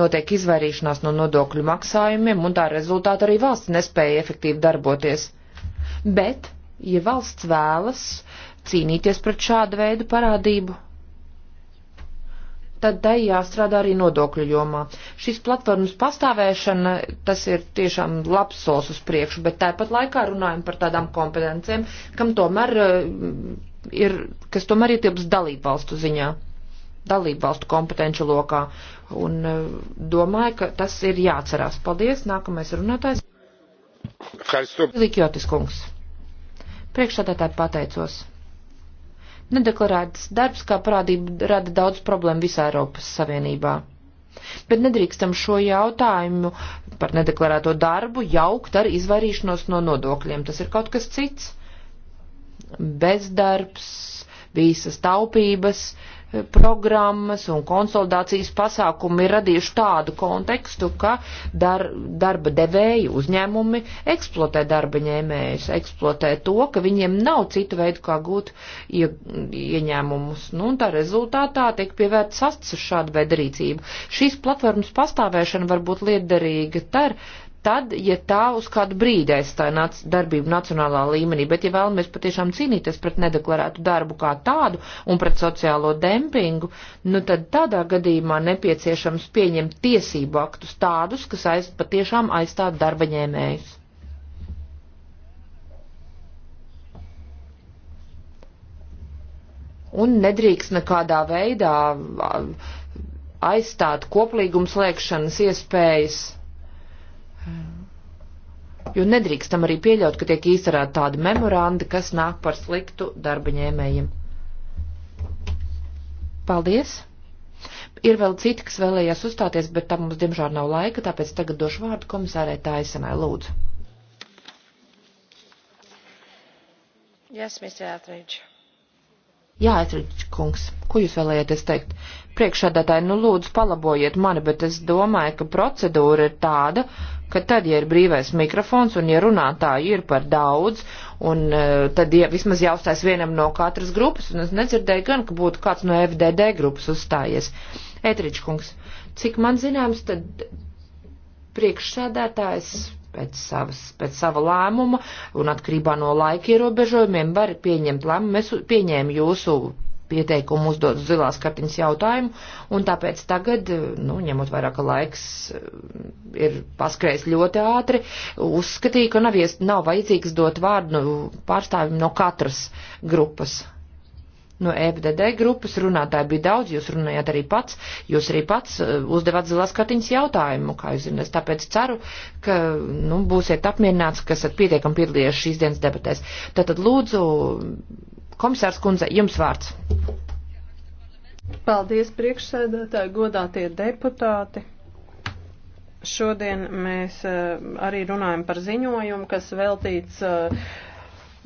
notiek izvairīšanās no nodokļu maksājumiem, un tā rezultātā arī valsts nespēja efektīvi darboties. Bet, ja valsts vēlas cīnīties pret šādu veidu parādību, tad tai jāstrādā arī nodokļu jomā. Šīs platformas pastāvēšana, tas ir tiešām labs solis uz priekšu, bet tāpat laikā runājam par tādām kompetencēm, kam tomēr eh, ir, kas tomēr ietilps dalību valstu ziņā, dalību valstu kompetenču lokā. Un eh, domāju, ka tas ir jāatcerās. Paldies, nākamais runātājs. Likjotis kungs. Priekšsādātāji pateicos. Nedeklarēts darbs kā parādība rada daudz problēmu visā Eiropas Savienībā. Bet nedrīkstam šo jautājumu par nedeklarēto darbu jaukt ar izvairīšanos no nodokļiem. Tas ir kaut kas cits. Bezdarbs, visas taupības, uh, programmas un konsolidācijas pasākumi ir radījuši tādu kontekstu, ka dar, darba devēju uzņēmumi eksploatē darba ņēmējus, eksploatē to, ka viņiem nav citu veidu, kā gūt ie, ieņēmumus. Nu, un tā rezultātā tiek pievērta sasts uz šādu veidu rīcību. Šīs platformas pastāvēšana var būt liederīga tar, tad, ja tā uz kādu brīdi aizstāja nac darbību nacionālā līmenī, bet ja vēlamies patiešām cīnīties pret nedeklarētu darbu kā tādu un pret sociālo dempingu, nu tad tādā gadījumā nepieciešams pieņemt tiesību aktus tādus, kas aiz, patiešām aizstāv darba ņēmējus. Un nedrīkst nekādā veidā aizstāt koplīgums lēkšanas iespējas Jo nedrīkstam arī pieļaut, ka tiek īsarāti tādi memorandi, kas nāk par sliktu darba ņēmējiem. Paldies! Ir vēl citi, kas vēlējās uzstāties, bet tam mums diemžēl nav laika, tāpēc tagad došu vārdu komisārai Taisanai. Lūdzu. Yes, Mr. Atriģ. Jā, Atriģ, kungs, ko jūs vēlējāties teikt? Priekšādātāji, nu lūdzu, palabojiet mani, bet es domāju, ka procedūra ir tāda, ka tad, ja ir brīvais mikrofons un ja runātāji ir par daudz, un e, tad ja, vismaz jāuzstājas vienam no katras grupas, un es nedzirdēju gan, ka būtu kāds no FDD grupas uzstājies. Etričkungs, cik man zināms, tad priekšsēdētājs pēc, savas, pēc sava lēmuma un atkarībā no laika ierobežojumiem var pieņemt lēmumu. Mēs pieņēmu jūsu pieteikumu uzdot zilās kartiņas jautājumu, un tāpēc tagad, nu, ņemot vairāk, ka laiks eh, ir paskrējis ļoti ātri, uzskatīju, ka nav, ies, nav vajadzīgs dot vārdu nu, pārstāvim no katras grupas. No EPDD grupas runātāji bija daudz, jūs runājāt arī pats, jūs arī pats eh, uzdevāt zilās kartiņas jautājumu, kā jūs zināt, tāpēc ceru, ka, nu, būsiet apmierināts, ka esat pietiekami piedalījies šīs dienas debatēs. Tātad lūdzu Komisārs Kunze, jums vārds. Paldies priekšsēdētāji, godātie deputāti. Šodien mēs eh, arī runājam par ziņojumu, kas veltīts uh,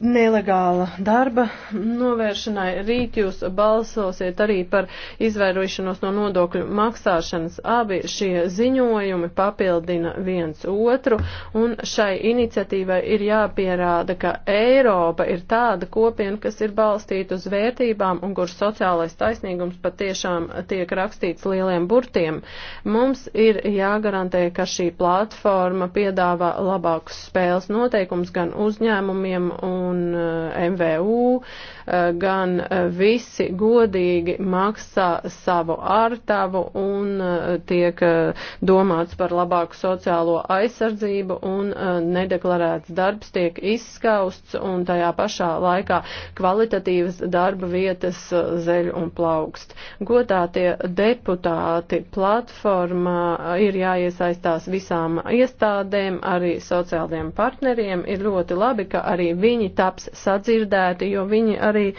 nelegāla darba novēršanai. Rīt jūs balsosiet arī par izvairošanos no nodokļu maksāšanas. Abi šie ziņojumi papildina viens otru, un šai iniciatīvai ir jāpierāda, ka Eiropa ir tāda kopiena, kas ir balstīta uz vērtībām un kur sociālais taisnīgums patiešām tiek rakstīts lieliem burtiem. Mums ir jāgarantē, ka šī platforma piedāvā labākus spēles noteikums gan uzņēmumiem un un eh, MVU, eh, gan eh, visi godīgi maksā savu ārtavu un tiek domāts par labāku sociālo aizsardzību un nedeklarēts darbs tiek izskausts un tajā pašā laikā kvalitatīvas darba vietas zeļ un plaukst. Godātie deputāti platformā ir jāiesaistās visām iestādēm, arī sociāliem partneriem. Ir ļoti labi, ka arī viņi taps sadzirdēti, jo viņi arī eh,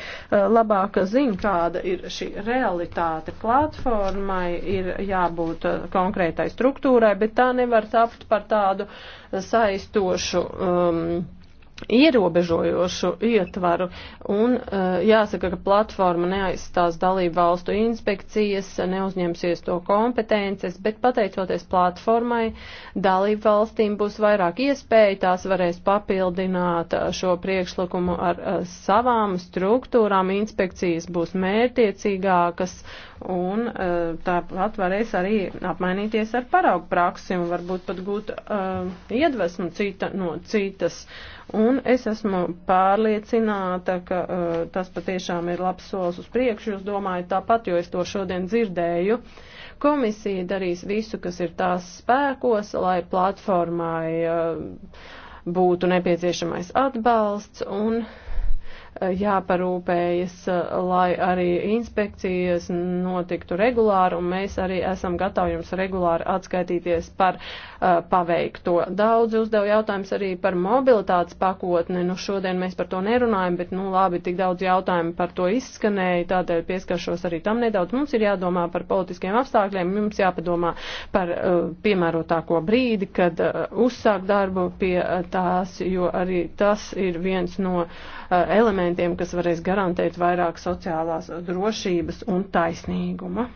labāk zina, kāda ir šī realitāte. Platformai ir jābūt eh, konkrētai struktūrai, bet tā nevar tapt par tādu saistošu. Um, ierobežojošu ietvaru. Un uh, jāsaka, ka platforma neaizstās dalību valstu inspekcijas, neuzņemsies to kompetences, bet pateicoties platformai, dalību valstīm būs vairāk iespēju, tās varēs papildināt eh, šo priekšlikumu ar uh, savām struktūrām, inspekcijas būs mērtiecīgākas un uh, tāpat varēs arī apmainīties ar paraugu praksi un varbūt pat gūt uh, iedvesmu cita, no citas. Uh, Un es esmu pārliecināta, ka uh, tas patiešām ir labs solis uz priekšu. Jūs domājat tāpat, jo es to šodien dzirdēju. Komisija darīs visu, kas ir tās spēkos, lai platformai uh, būtu nepieciešamais atbalsts un jāparūpējas, lai arī inspekcijas notiktu regulāri, un mēs arī esam gatavi jums regulāri atskaitīties par uh, paveikto. Daudzi uzdev jautājums arī par mobilitātes pakotni. Nu, šodien mēs par to nerunājam, bet, nu, labi, tik daudz jautājumu par to izskanēja, tādēļ pieskaršos arī tam nedaudz. Mums ir jādomā par politiskiem apstākļiem, mums jāpadomā par uh, piemērotāko brīdi, kad uh, uzsāk darbu pie uh, tās, jo arī tas ir viens no uh, elementiem, instrumentiem, kas varēs garantēt vairāk sociālās drošības un taisnīguma.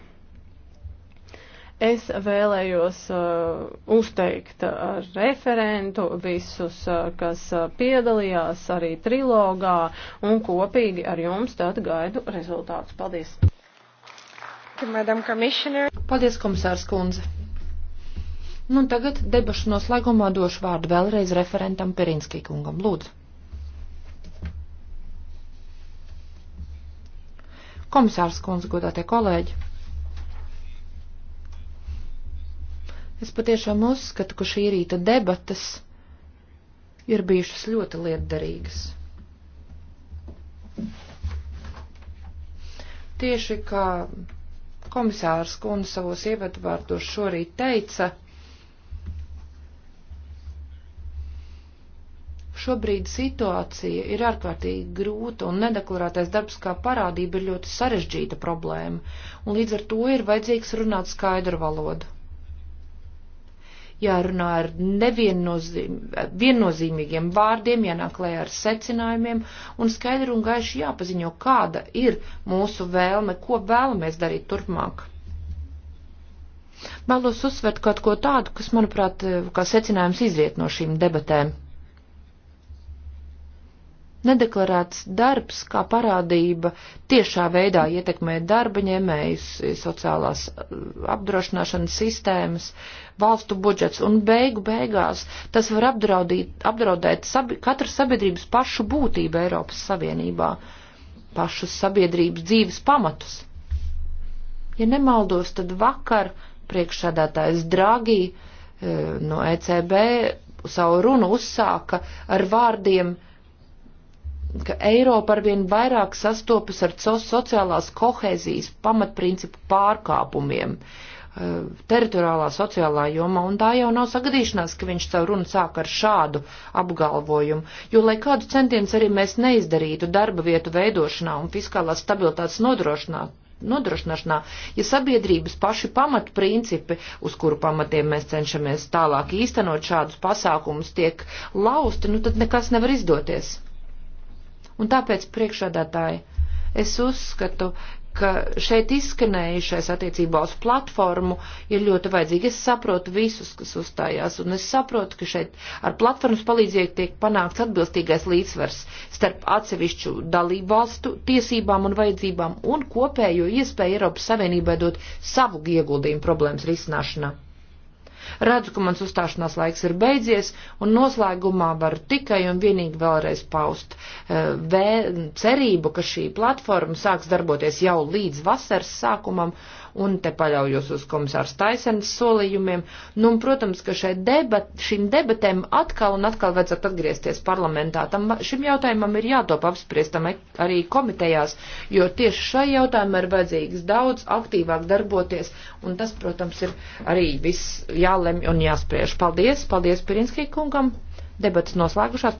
Es vēlējos uh, uzteikt uh, referentu, visus, uh, kas uh, piedalījās arī trilogā, un kopīgi ar jums tad gaidu rezultātus. Paldies! Paldies, komisārs Kunze! Nu, tagad debašu noslēgumā došu vārdu vēlreiz referentam Perinskī kungam. Lūdzu! Komisārs kundze, godātie kolēģi! Es patiešām uzskatu, ka šī rīta debatas ir bijušas ļoti lietderīgas. Tieši kā komisārs kundze savos ievadvārdos šorīt teica, Šobrīd situācija ir ārkārtīgi grūta un nedeklarētais darbs kā parādība ir ļoti sarežģīta problēma, un līdz ar to ir vajadzīgs runāt skaidru valodu. Jārunā ar neviennozīm, viennozīmīgiem vārdiem, jānāk lē ar secinājumiem un skaidri un gaiši jāpaziņo, kāda ir mūsu vēlme, ko vēlamies darīt turpmāk. Vēlos uzsvērt kaut ko tādu, kas, manuprāt, kā secinājums izriet no šīm debatēm Nedeklarēts darbs kā parādība tiešā veidā ietekmē darba ņēmējus, sociālās eh, apdrošināšanas sistēmas, valstu budžets un beigu beigās tas var apdraudēt sabi katru sabiedrības pašu būtību Eiropas Savienībā, pašus sabiedrības dzīves pamatus. Ja nemaldos, tad vakar priekšsādātājs Dragī eh, no ECB savu runu uzsāka ar vārdiem ka Eiropa arvien vairāk sastopas ar sociālās kohēzijas pamatprincipu pārkāpumiem eh, teritoriālā sociālā jomā, un tā jau nav sagadīšanās, ka viņš savu runu sāk ar šādu apgalvojumu, jo, lai kādu centienus arī mēs neizdarītu darba vietu veidošanā un fiskālās stabilitātes nodrošināšanā, nodrošināšanā, ja sabiedrības paši pamatprincipi, uz kuru pamatiem mēs cenšamies tālāk īstenot šādus pasākumus, tiek lausti, nu tad nekas nevar izdoties. Un tāpēc priekšādātāji, es uzskatu, ka šeit izskanējušais attiecībā uz platformu ir ļoti vajadzīgi. Es saprotu visus, kas uzstājās, un es saprotu, ka šeit ar platformas palīdzību tiek panākts atbilstīgais līdzsvars starp atsevišķu dalību valstu tiesībām un vajadzībām un kopējo iespēju Eiropas Savienībai dot savu ieguldījumu problēmas risināšanā. Redzu, ka mans uzstāšanās laiks ir beidzies, un noslēgumā varu tikai un vienīgi vēlreiz paust eh, vē, cerību, ka šī platforma sāks darboties jau līdz vasaras sākumam, un te paļaujos uz komisārs Taisens solījumiem. Nu, un, protams, ka šai debat, šīm debatēm atkal un atkal vajadzētu atgriezties parlamentā. Tam, šim jautājumam ir jātop apspriestam arī komitejās, jo tieši šai jautājumam ir vajadzīgs daudz aktīvāk darboties, un tas, protams, ir arī viss jālemj un jāspriež. Paldies, paldies Pirinskī kungam, debats noslēgušās.